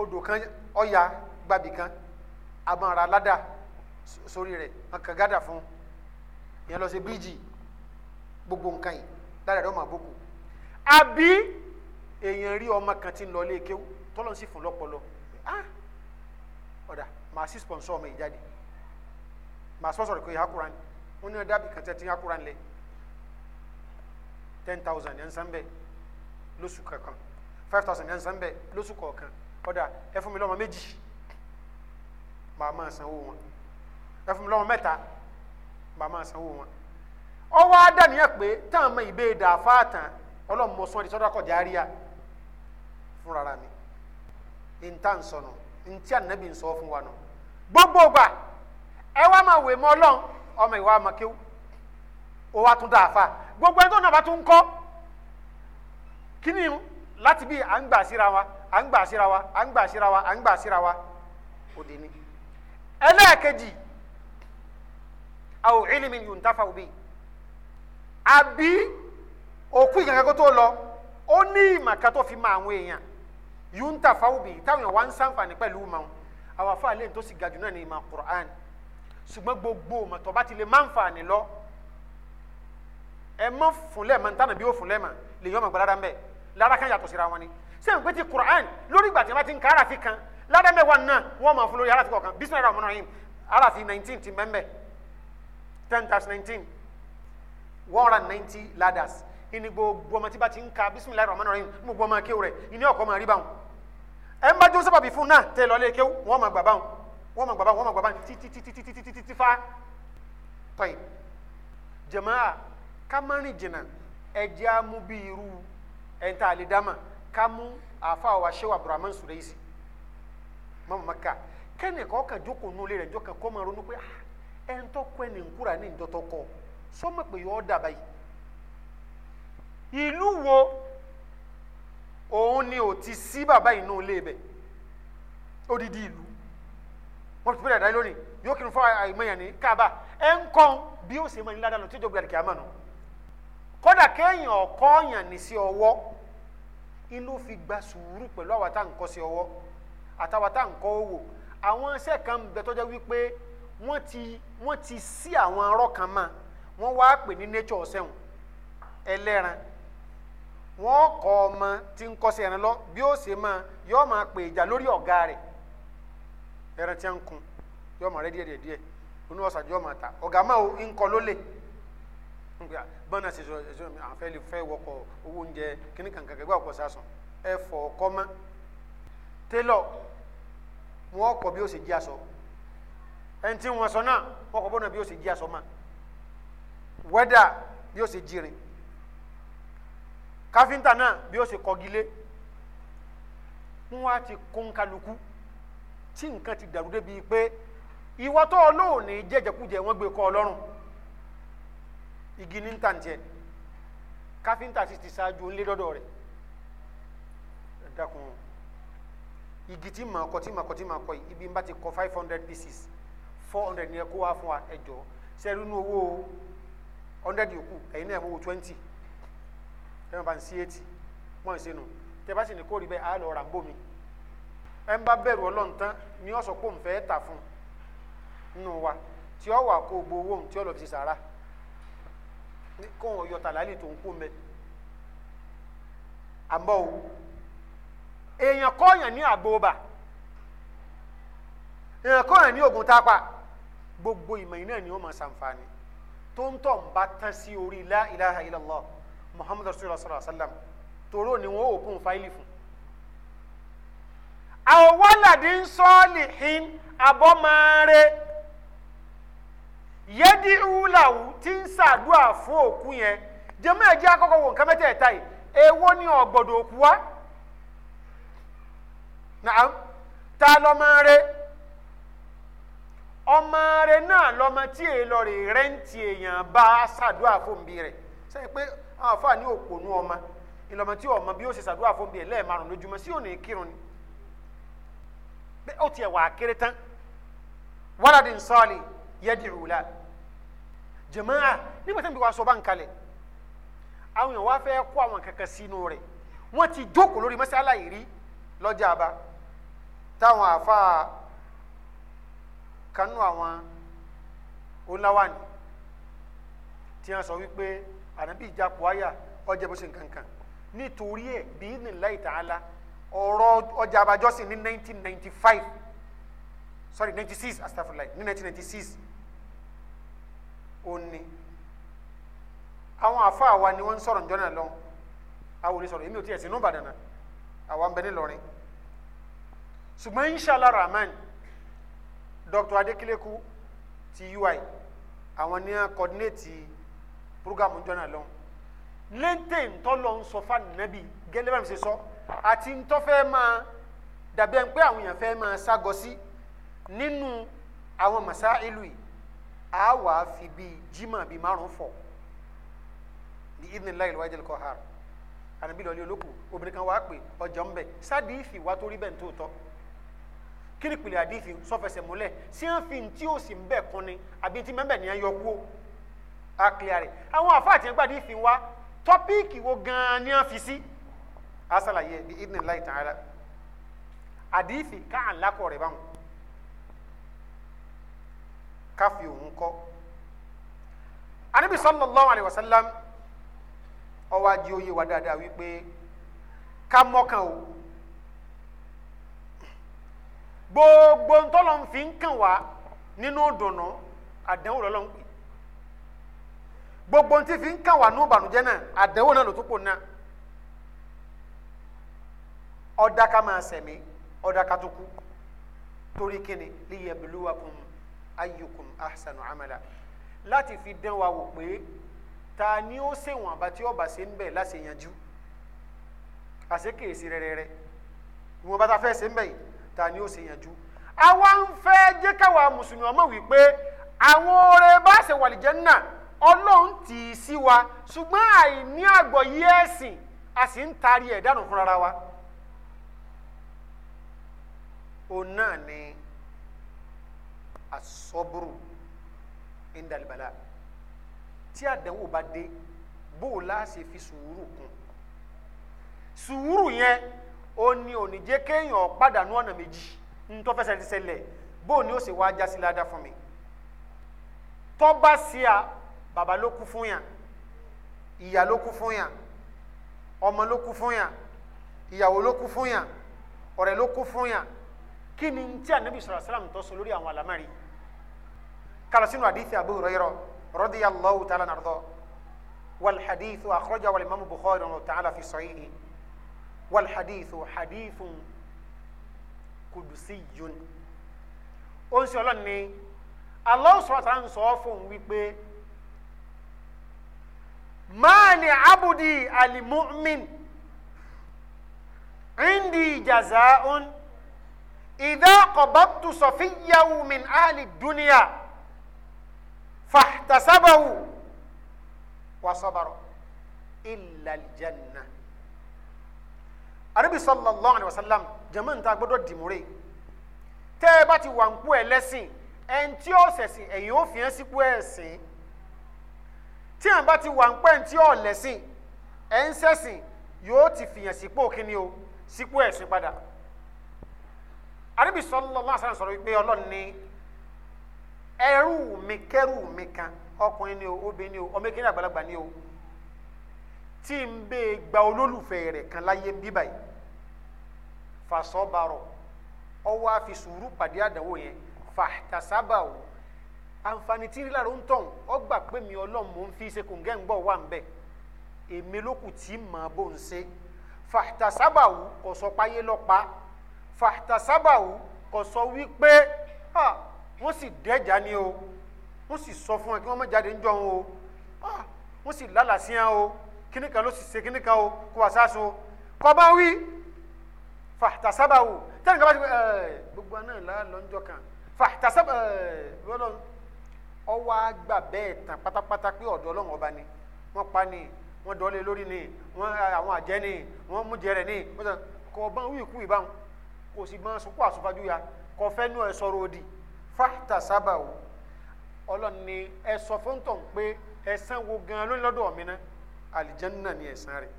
odò kan ọ̀ya gbàbí kan amara alada sórí rẹ̀ wọn kàn gádà fún ìyẹn lọ sí bíríìjì gbogbo nǹkan yìí dáadáa rẹ̀ ọmọ àbókù àbí èèyàn rí ọmọ kan tí ń lọ ilé kéwú tọ́lọ́ sí fún lọ́pọlọ ọ̀dà màá sí sponsor ọmọ yìí jáde màá sponsor rẹ̀ kò yẹ hakuran wọn ní ọ̀dà bí kàtẹ́ tí hakuran lẹ̀ ten thousand yẹn san lóṣù kankan five thousand yẹn san bẹ́ẹ̀ lóṣù kọ̀ọ̀kan ọ̀dà ẹ fún mi lọ́mọ méjì. ma máa sanwó wọn ẹ fún mi ba ma màá wọn. ọwọ́ adániyàn pé táwọn ọmọ ìbéè dà fáàtàn atan mo sọ ọ́ di sọ́dọ̀ kọjá àríyá mi ntá nsọ̀nù ànábì nsọ fún wa nù gbogbo gbà ẹ wá máa wè mọ́ ọlọ́run ọmọ ìwà àmàkéwù ó wá tún dáa fa gbogbo ẹni tó nàbà tún kíni láti bí à ń gbà wa à ń wa à ń wa à ń wa òdì ni. ẹlẹ́ẹ̀kejì àwọn ìlímì yuntafa òbí àbí òkú ìkankan kó tó lọ ó ní ìmàkà tó fi máa àwọn èèyàn yuntafa òbí táwọn èèyàn wá ń sàǹfààní pẹ̀lú màá àwọn afọ àlẹ́ tó sì ga jù náà ní ìmọ̀ Qur'an ṣùgbọ́n gbogbo mọ̀tọ́ bá ti lè máa ń fa àní lọ ẹ mọ fúnlẹ̀ mọ ntànà bí ó fúnlẹ̀ mọ lè yọ ọmọ gbọ́dọ̀ mbẹ́ lára kan yàtọ̀ síra wọn ni sẹ́yìn pé ti Qur'an lórí ìgbà tí wọ́n ti ń kára fi kan ládàá mẹ́wàá náà wọ́n máa fún lórí aláàfin kọ̀ọ̀kan bísí náírà ọmọ náà yìí aláàfin nineteen ti mẹ́mẹ́ ten times nineteen one hundred and ninety ladders ìní gbogbo ọmọ tí bá ti ń ka bísí náírà ọmọ náà yìí gbogbo ọmọ akéwò rẹ̀ ìní ọkọ̀ máa rí báwọn ẹ̀ ń bá jó sábàbí fún náà tẹ́ lọ́lé kéwò wọ́n máa gbà báwọn wọ́n máa gbà báwọn wọ́n máa gbà báwọn fa tọ́yì jẹ̀máà ká má rìn jìnnà ẹ̀jẹ̀ á mú bí afa ẹ̀ńtà àlè dámà ká mú wa Shehu Abdurrahman Sudaisi mọ́mọ́ ká kẹ́ni ẹ̀kọ́ kan jókòó nulẹ̀ rẹ̀ jọ́kan kọ́ máa ronú pé ah, ẹ̀ ń tọ́kọ ẹni nkúra ní ìjọtọ̀ sọ́mọ̀ pé yọ ọ́ dàbá yìí ìlú wo òun ni ò ti sí bàbá inú ilé ibẹ̀ odidi ìlú wọ́n ti bẹ̀rẹ̀ dáyé lónìí yóò kí n fọ́ àìmọ̀yàn ní káàbà ẹ̀ ń kọ́ bí ó ṣe máa ń ládàá lọ tí gbẹ̀rẹ̀ kí a máa nù kódà kéèyàn ọ̀kọ́ yàn ní sí ọwọ́ inú fi gba sùúrù pẹ̀lú àwọn tá à ń kọ́ sí ọwọ́ àtàwọn tá à ń kọ́ owó àwọn iṣẹ́ kan bẹ tọ́jọ́ wípé wọ́n ti wọ́n ti sí àwọn arọ́ kan mọ́ wọ́n wá pè nature sẹ́wọ̀n ẹlẹ́ran wọ́n kọ́ ọmọ tí ń kọ́ sí ẹran lọ bí ó ṣe máa yọ́ máa pè ìjà lórí ọ̀gá rẹ̀ ẹran tí ń kun yọ́ máa rẹ́ díẹ̀ díẹ̀ oníwọ̀sà yọ́ máa ta ọ̀gá máa ń kọ́ lólè bọ́nà ṣe sọ owó oúnjẹ kíníkànkàn gbẹ́gbẹ́ ọ̀pọ̀ ẹ̀fọ́ ọkọ́ máa. télọ̀ wọn kọ bí ó ṣe jí aṣọ ẹni tí wọn sọ náà wọn kọ bọ́nà bí ó ṣe jí aṣọ ma wẹ́dà bí ó ṣe jirin káfíńtà náà bí ó ṣe kọgilé wọn ti kún kálukú tí nǹkan ti dàrú débi pé ìwọ olóòní jẹjẹkújẹ wọn gbé kọ Ọlọ́run igi ní tàǹtẹ káfíńtà sì ti ṣáájú ńlẹ dọdọ rẹ ẹ dákun igi tí màá kọ tí màá kọ tí màá kọ yìí ibi n ti kọ five hundred pieces four hundred ní ẹ kó wá fún wa ẹ jọ sẹ́ẹ̀rì inú owó hundred yòókù ẹ̀yin náà owó twenty ẹ̀yin bá ń sí eighty mọ̀ ń sínú tẹ́ bá sì ní kórìí bẹ́ẹ̀ á lọ ra gbómi ẹ̀ ń bá bẹ̀rù ọlọ́run tán ni ọ̀sọ̀ pò ń fẹ́ tà fún nù wa tí ọ wà kó gbó owó tí ọ lọ fi sàrà kó wọn yọ tàlálì tó ń kó mẹ àmọ́ òun. èèyàn kọ́ọ̀yàn ní àgbóòbà èèyàn kọ́ọ̀yàn ní ogun tápà gbogbo ìmọ̀ iná ni ó tó ń tọ̀ la ilaha illallah muhammadu rasulullah sallallahu alaihi wa sallam ni wọn ò kún fáìlì fún. àwọ̀wálàdí ń sọ́ọ̀lì hin abọ́mọ́re yẹ́dí ìwúlàwù tí ń ṣàdúrà fún òkú yẹn jẹ́mú ẹ̀jẹ̀ akọ́kọ́ wò nǹkan yìí ni ọ̀gbọ̀dọ̀ òkú naam ta lọ́mọ rẹ ọmọ rẹ náà lọ́mọ tí èè lọ rè rẹ́ǹtì èèyàn bá ṣàdúrà fún bí rẹ sẹ́yìn pé àwọn afa ní òpònú ọmọ ìlọmọ tí ọmọ bí ó ṣe ṣàdúrà fún bí ẹ lẹ́ẹ̀márùn lójúmọ́ sí òní kírun ni bẹ́ẹ̀ ó tiẹ̀ wà á kéré tán wàládì nsọ́ọ̀lì yẹ́dìrú la jẹ̀mọ́à nígbà tí wọ́n wá sọ bá ń kalẹ̀ àwọn èèyàn wá fẹ́ kó àwọn kankan sínú rẹ̀ wọ́n ti jókòó lórí mọ́sálà yìí rí lọ́jà bá táwọn àáfàá kanú àwọn oláwàní tí wọ́n sọ wípé ànábì ìjàpọ̀ àyà ọjà bó ṣe nǹkan kan nítorí ẹ̀ bí nílá ìtàhálà ọ̀rọ̀ ọjà abájọ́sìn ní 1995 sorry 96 astafurla ní 1996 òní àwọn àáfàá wa ni wọ́n ń sọ̀rọ̀ ǹjọ́ náà lọ́wọ́ àwọn ò ní sọ̀rọ̀ èmi ò tiẹ̀ sínú Ìbàdàn náà àwọn ń bẹ ní ṣùgbọ́n inshallah rahman dr adekileku ti ui àwọn ní kọ́dínéètì programu jọ́nà lọ lẹ́ńtẹ̀ ńtọ́lọ ń sọ fáànù nẹ́bí gẹ́lẹ́ bá mi ṣe sọ àti ńtọ́fẹ́ máa dàbí ẹni pé àwọn èèyàn fẹ́ máa ságọ sí nínú àwọn màsá ìlú yìí a wà á fi bíi jimá bíi márùn fọ ní idhnillahi al-wahidil qahhar ànábìlọ́lẹ́ olóko obìnrin kan wà á pè ọjọ́ ń bẹ̀ sáà fi wá torí bẹ́ẹ̀ ń tó kí ni ìpìlẹ̀ àdìfín sọfẹsẹ̀ múlẹ̀ sí à ń fi tí ó sì ń bẹ̀ kún ni àbí tí mẹ́mbẹ̀ nìyẹn yọ kú á kílẹ̀ rẹ̀ àwọn àfáàtì ẹgbẹ́ àdìfín wa tọ́píìkì wo gan-an ni à ń fi sí asàlàyé bí ibn lai ta'ala àdìfín ká à rẹ̀ báwọn káfí òun kọ́ anabi sallallahu alayhi wa sallam ó wá jí ó yé wa dáadáa wípé ká mọ́kàn o. gbogbo ntọ́lọ̀ ń fi ń kàn wá nínú dùnú àdánwò lọ́lọ́ ń pè gbogbo ntí fi nkan wa wá nínú ìbànújẹ́ náà àdánwò náà ló tó pò náà ọ̀dà ká máa sẹ̀mí ọ̀dà ká tó kú torí kíni liyabluwakum ayyukum ahsanu amala láti fi dán wa wò pé ta ni ó ṣèwọ̀n àbátí ọba ṣe ń bẹ̀ láṣẹ yanjú àṣekèèsí rẹ̀rẹ̀rẹ̀ ìwọ̀n bá ta fẹ́ ṣe ń bẹ̀ yìí. ta ni ó ṣe yanjú àwa ń fẹ́ jẹ́ káwa mùsùlùmí ọmọ wípé àwọn oore bá ṣe wàlìjẹ́ náà ọlọ́run tì í sí wa ṣùgbọ́n àìní àgbọ́yé ẹ̀sìn a sì ń taari ẹ̀ dànù fúnra wa òun náà ni asọ́bùrù indalibala tí àdánwò bá dé bó o láṣẹ fi sùúrù kún sùúrù yẹn ó ní òní jẹ́ kéèyàn pàdánù ọ̀nà méjì ń tó fẹsẹ̀ ti ṣẹlẹ̀ bóun ni ó sì wáá jásí ládàá fún mi tó bá sí a bàbá ló kú fún yàn ìyá ló kú fún yàn ọmọ ló kú fún yàn ìyàwó ló kú fún yàn ọ̀rẹ́ ló kú fún yàn kí ni tí ànábì sọ̀rọ̀ sálàm tó sọ lórí àwọn àlámárì kàlọ́ sínú àdìsí Abu Hurairah radiyallahu ta'ala nàrọ̀ wal hadithu akhrajahu wal imamu Bukhari ta'ala fi sahihi. والحديث حديث قدسي ó ń sọ ọlọ́run ní Allah subhanahu wa ta'ala ń sọ fún wípé maani abudi alimu'min indi jazaa'un idha qabadtu safiyyahu min ahli dunya fahtasabahu wa sabara Arabi sallallahu alayhi wa sallam jama n ta gbọ́dọ̀ dimure tẹ ẹ bá ti wà ń kú ẹ lẹ́sìn ẹn tí ó sẹ̀sìn ẹ̀yìn ó fi hàn sí kú ẹ sìn tí ẹ bá ti wà ń pẹ́ ẹn tí ó lẹ́sìn ẹ ń sẹ̀sìn yóò ti fìyàn sípò kíni o sípò ẹ̀sìn padà anabi sallallahu alayhi wa sallam sọ̀rọ̀ wípé ọlọ́run ní ẹrú mi kẹrù mi kan ọkùnrin ni o obìnrin ni o ọmọ ìkíni àgbàlagbà ni o tí n bẹ gba olólùfẹ́ rẹ̀ kan láyé bíbáyìí fasọbarọ ọwọ́ àfi sùúrù pàdé àdánwò yẹn fàtàsábàwò àǹfààní tí ríra ló ń tàn ọ gbà pé mi ọlọ́run mò ń fi ṣe kòǹgẹ́ ń gbọ́ wà ń bẹ̀ èmi ló kù tí màá bò ń ṣe fàtàsábàwò kò sọ páyé lọ́pa fàtàsábàwò kò sọ wípé wọ́n sì ni o wọ́n sì sọ fún ẹ kí wọ́n má jáde ń jọ wọn o wọ́n sì lálàsíyàn o kíníkan ló se ṣe kíníkan o kó wà sáà so kọ́ bá fàtàsábàwò tẹ́lẹ̀ kaba ti ẹ gbogbo aná ìlà lọ́njọ́ kan fàtàsábà ẹ lọ́dọ̀ ọwọ́ àgbà bẹ́ẹ̀ tán pátápátá pé ọ̀dọ́ ọlọ́run ọba ni wọ́n pa ni wọ́n dọ́lé lórí ni wọ́n àwọn àjẹ́ ni wọ́n mú jẹrẹ ni wọ́n sọ kọ́ ọba wíì kú ìbá wọn kò sì máa sunkún àsùnfàjú ya kọ́ fẹ́ nú ẹ sọ̀rọ̀ òdì fàtàsábàwò ọlọ́run ni ẹ sọ fún tọ̀ pé ẹ̀san wo gan lónìí lọ́dọ̀ mi ná àlìjẹ́ nínà ni ẹ̀san rẹ̀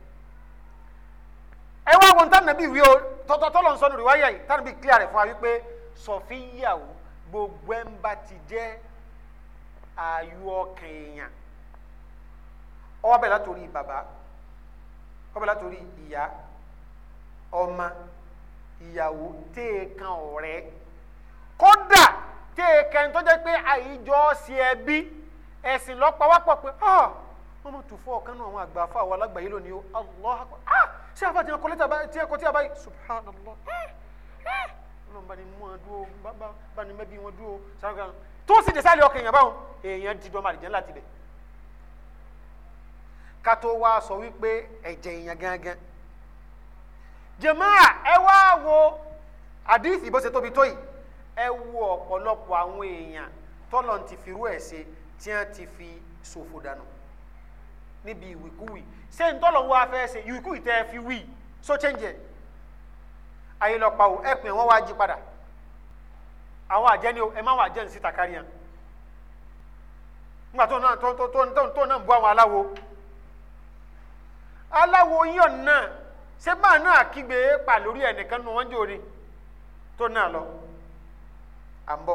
ẹ wá wọn tán nàbí wí o tọ́tọ́tọ́lọ́ nsọ́nù rí wáyà yìí tán nàbí clear rẹ̀ fún wa wípé sọ̀fíyàwó gbogbo ẹ̀ ń bá ti jẹ́ ààyò ọkàn èèyàn ọwọ́ bẹ̀rẹ̀ látòrí bàbá ọwọ́ bẹ̀rẹ̀ látòrí ìyá ọmọ ìyàwó téèkan ọ̀rẹ́ kódà téèkan tó jẹ́ pé àyíjọ́ sí ẹbí ẹ̀sìn lọ́pọ̀ wápọ̀ pé ọ́ ah, wọ́n mọ̀ ọ̀kan náà àwọn àgbà fún àwọn alágbàáyé lónìí ó Allah ah ṣé àfa tiẹ̀ kọ́ lẹ́tà tiẹ̀ kọ́ tí a báyìí subhanallah eh, eh. ọlọ́run bá ní mú wọn dúró bá ní mẹ́bí wọn dúró sáré tó sì dé sálẹ̀ ọkàn èèyàn báwọn èèyàn ti dọ́mọ àdìjẹ́ láti bẹ̀. ká tó wá sọ wípé ẹ̀jẹ̀ èèyàn gangan jàmáà ẹ wá wo àdìsí bó ṣe tóbi tó yìí ẹ wo ọ̀pọ̀lọpọ̀ àwọn èèyàn tọ́lọ̀ ti firú ẹ̀ ṣe tí wọ́n ti fi ṣòfò dànù níbi ìwìkúwì ṣé n tọ́lọ̀ wo afẹ́ ṣe ìwìkúwì tẹ́ ẹ fi wí so change ayé lọ pa o ẹ pè wọ́n wá jí padà àwọn àjẹni o ẹ má wà jẹ́ ní síta kárí yẹn nígbà tó náà tó tó tó tó náà ń bú àwọn aláwo aláwo yíyan náà ṣé báà náà kígbe pa lórí ẹnìkan nu wọn jò ni tó náà lọ à ń bọ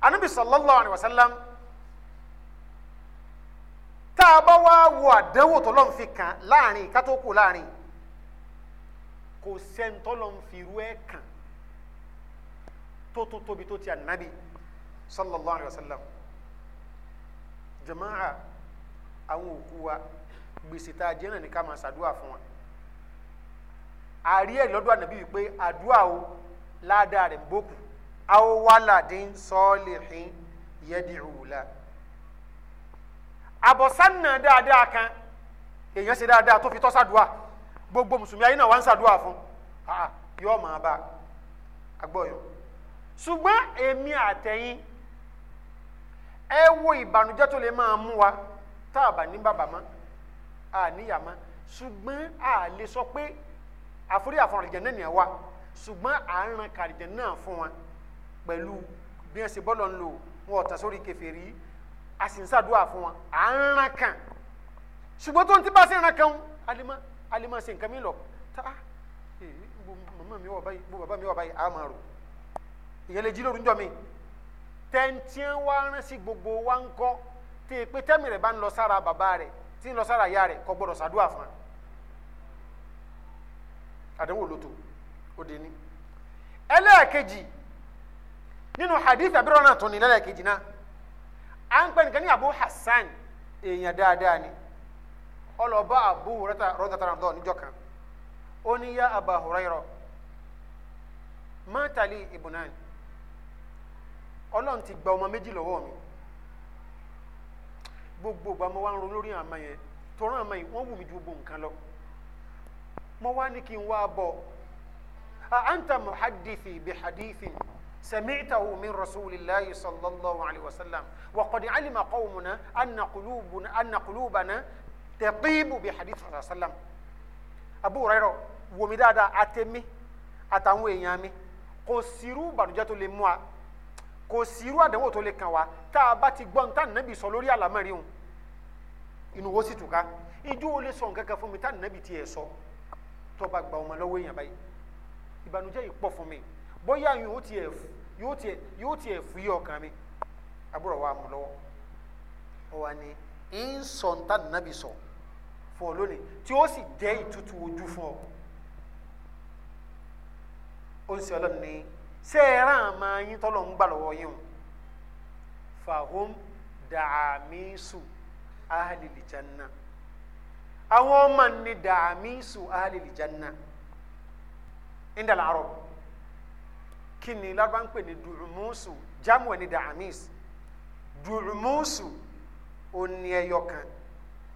anabi sallallahu alayhi wa sallam tá a bá wá wo àdánwò tó lọ́n fi kàn láàrin ká tó kù láàrin kò sẹ́ńtọ́ lọ́n fi irú ẹ̀ kàn tó tó tóbi tó ti ànábì sallallahu alayhi wa sallam jamaa àwọn òkú wa gbèsè tá a jẹ́ náà ní ká máa ṣàdúrà fún wa àrí ẹ̀ lọ́dọ̀ ànábì wípé àdúrà o ládàá rẹ̀ ń bókù àwọn wàhálà sọ́ọ́lì hìn yẹ́dìrú la. Abosan na dáadáa kan èèyàn ṣe dáadáa tó fi tọ́ sàdúà gbogbo mùsùlùmí ayé náà wá ń sàdúà fún yóò máa bá agbọ́yọ̀ ṣùgbọ́n èmi àtẹ̀yìn ẹ wo ìbànújẹ́ tó lè máa mú wa tá a bá ní bàbá mọ́ a níyà mọ́ ṣùgbọ́n a lè sọ pé àforí àfọ̀rọ̀jẹ̀ náà nìyà wa ṣùgbọ́n à ń ran kàrìjẹ̀ náà fún wa pẹ̀lú bí wọ́n ṣe bọ́ọ̀lù ń lò wọn ọ̀tàn sórí kèfèrí yìí a sì ń ṣàdúrà fún wọn à ń ràn kàn ṣùgbọ́n tó ń tí bá sí ràn kàn ń alimọ alimọ ṣe nǹkan mi lọ tá ah, eh, bó màmá mi wà báyìí bó bàbá mi wà báyìí a máa rò ìyẹn lè jí lóru ńjọ mi tẹ́ntẹ́n wá rán sí gbogbo wa ń kọ́ tí èpè tẹ́mi rẹ̀ bá ń lọ sára bàbá rẹ̀ tí ń lọ sára ìyá rẹ̀ kò gbọ́dọ̀ ṣàdúrà fún un àdánwò lóto ó dé ẹlẹ́ẹ̀kejì nínú hadith abirọ́nà tó ní lẹ́lẹ́ẹ̀kejì náà à ń pẹ́ nìkan ní abu hasan èèyàn dáadáa ni ọlọ́ba abu rọ́dàtàrà dọ̀ níjọ kan ó ní yá aba hurairọ mọ́tàlí ibùnán ọlọ́run ti gba ọmọ méjì lọ́wọ́ mi gbogbo ìgbà mo wá ń ronú lórí àmọ́ yẹn torí àmọ́ yìí wọ́n wù mí ju gbogbo nǹkan lọ mo wá ní kí n wá bọ̀ à ń ta muhadithi bi hadithi. سمعته من رسول الله صلى الله عليه وسلم وقد علم قومنا أن قلوبنا أن قلوبنا تطيب بحديث صلى الله عليه وسلم أبو هريرة ومدادا أتمي أتانو إيامي kò sírú ìbànújẹ́ tó lè mú wa kò sírú àdánwò tó lè kàn wá tá a bá ti gbọ́n tá nàbì sọ lórí àlámọ̀rí òun inú wo sì tùká ijó o lè sọ nǹkan kan fún mi tá nàbì tiẹ̀ sọ tó bá gba ọmọ lọ́wọ́ èèyàn báyìí ìbànújẹ́ yìí pọ̀ fún mi bóyá yóò tiẹ̀ yóò tiẹ̀ yóò tiẹ̀ fún yí ọkàn mi àbúrò wa mú lọ́wọ́ ó wà ní ń sọ níta nàbì sọ fún ọ lónìí tí ó sì jẹ́ ìtutù ojú fún ọ ó ń sọ ọlọ́run ní ṣé ẹ rán àmọ́ yín tọ́lọ̀ ń gbà lọ́wọ́ yín o fàhóm dàmísù ahàlìlìjánná àwọn ọmọ ní dàmísù ahàlìlìjánná ń dàlà àrọ̀ kí ni lábá ń pè ní dùrùmùsù jámù ẹni dàmís dùrùmùsù òní ẹyọ kan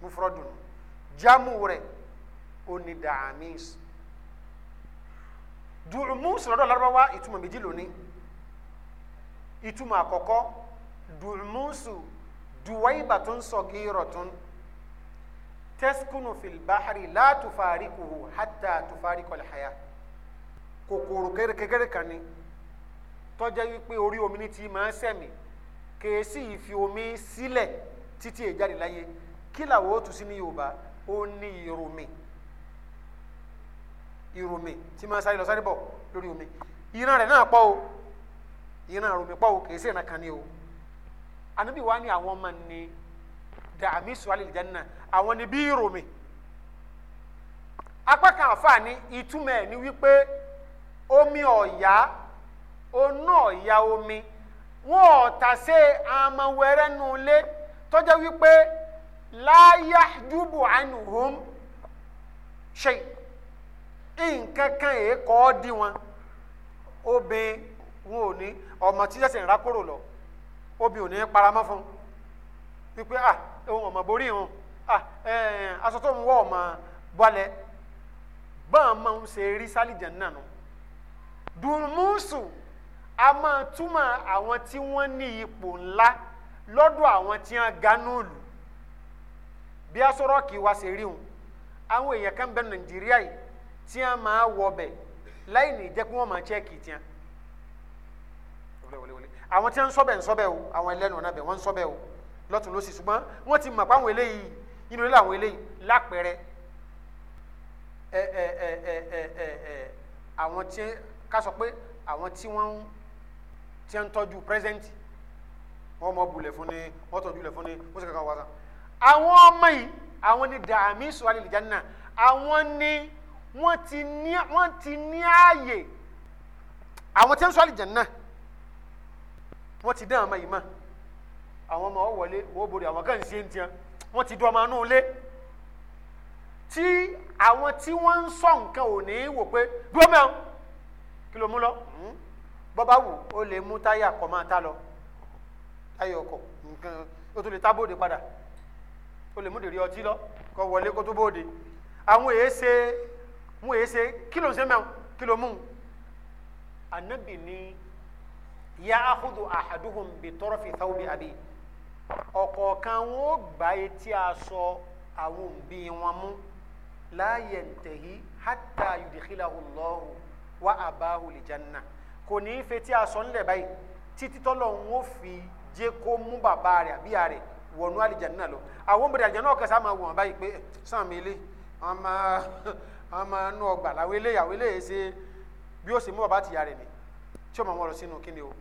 mufrodun jámù rẹ̀ òní dàmís dùrùmùsù lọ́dọ̀ lárúbáwá ìtumọ̀ méjì lónìí ìtumọ̀ àkọ́kọ́ dùrùmùsù duwaibatun sogiirotun teskunu fil bahari la tufarikuhu hatta tufarikol haya kòkòrò kékeré kan ni tọ́jẹ́ wípé orí omi ní ti máa ń sẹ̀mí kèésì ìfi omi sílẹ̀ títí èjáde láyé kí làwọn ó tù sí ní yorùbá ó ní ìròmì ìròmì tí máa ń sáré lọ sáré bọ̀ lórí omi ìran rẹ̀ náà pọ̀ o ìran àròmì pọ̀ o kèésì ìran kan ni o ànábì wa ni àwọn ọmọ ni dààmú ìsúwálé ìjánná àwọn ni bí ìròmì apá kan àfààní ìtumọ̀ ẹ̀ ni wípé omi ọ̀yá. onu ọya omi wọn ò tà amawẹrẹ tọjá wípé láyà dúbò ànúhùn ṣe nǹkan kan èé kọ́ ọ́ wọn obìnrin wọn ò ní ọmọ tí sẹ̀sẹ̀ ń lọ obìnrin ò ní paramọ́ fún un wípé ah ọmọ borí hàn ah aṣọ tó ń wọ ọmọ balẹ̀ báwọn máa ń ṣe rí sálìjẹ̀ náà nù a máa túmọ̀ àwọn tí wọ́n ní ipò ńlá lọ́dọ̀ àwọn tí wọ́n ganú òlù bí asọ́rọ́ọ̀kì wa ṣe rí wọn àwọn èèyàn kan bẹ nàìjíríà yìí tí wọ́n máa wọ ọbẹ̀ láì ní jẹ́ kí wọ́n máa chẹ́ẹ̀kì tí wọ́n àwọn tí wọ́n ń sọ́bẹ̀ ń sọ́bẹ̀ o àwọn ẹlẹ́nu ọ̀nà bẹ̀ wọ́n ń sọ́bẹ̀ o lọ́tún lọ́sì ṣùgbọ́n wọ́n ti mọ̀ pé àwọn eléyìí inú ilé àwọn eléyìí lápẹ̀rẹ̀ ẹ ẹ ẹ ẹ ẹ ẹ àwọn tí ká sọ pé àwọn tí wọ́n ń tí wọ́n tọ́jú present. wọ́n mọ̀ bulẹ̀ fún ni wọ́n tọ́jú lẹ̀ fún ni wọ́n sì kankan wá sàn. àwọn ọmọ yìí àwọn ni dààmú sùwàlì lìjánná àwọn ni wọ́n ti ní wọ́n ti ní ààyè àwọn tí wọ́n sùwàlì jánná wọ́n ti dán ọmọ yìí mọ́ àwọn ọmọ wọlé wọ́n borí àwọn kan ṣe ń tiẹ́ wọ́n ti dún ọmọ inú ilé tí àwọn tí wọ́n ń sọ nǹkan ò ní wò pé dúró mẹ́rin kí ló mú lọ. Hmm? bọ́bá wù ó lè mú táyà kọ̀ máa ta lọ táyà ọkọ̀ nǹkan ó tún lè tá bóde padà ó lè mú dèrè ọtí lọ kó wọlé kó tó bóde àwọn èyí ṣe mú èyí ṣe kí ló ń ṣe mẹ́wọ̀n kí ló mú un anabi ni ya ahudu ahaduhum bi tọrọfi thawbi abi ọ̀kọ̀ọ̀kan wọn ó gba etí aṣọ àwọn òbí wọn mú la yantahi hatta yudkhilahu Allahu wa abahu lijanna kò ní í fetí aṣọ ńlẹ̀ báyìí títí tọ́lọ̀ ń ó fi jẹ́ kó mú bàbá rẹ̀ àbí ìyá rẹ̀ wọnú àlìjáná lọ àwọn ọmọdé àlìjáná ọ̀kẹ́ sá máa wọ̀ báyìí pé eh, sàn mí lé ọmọ ọmọ inú ọgbà làwọn eléyàwó eléyè ṣe bí ó ṣe mú bàbá àtìyá rẹ̀ ni tí ọmọ wọn lọ sínú kíni o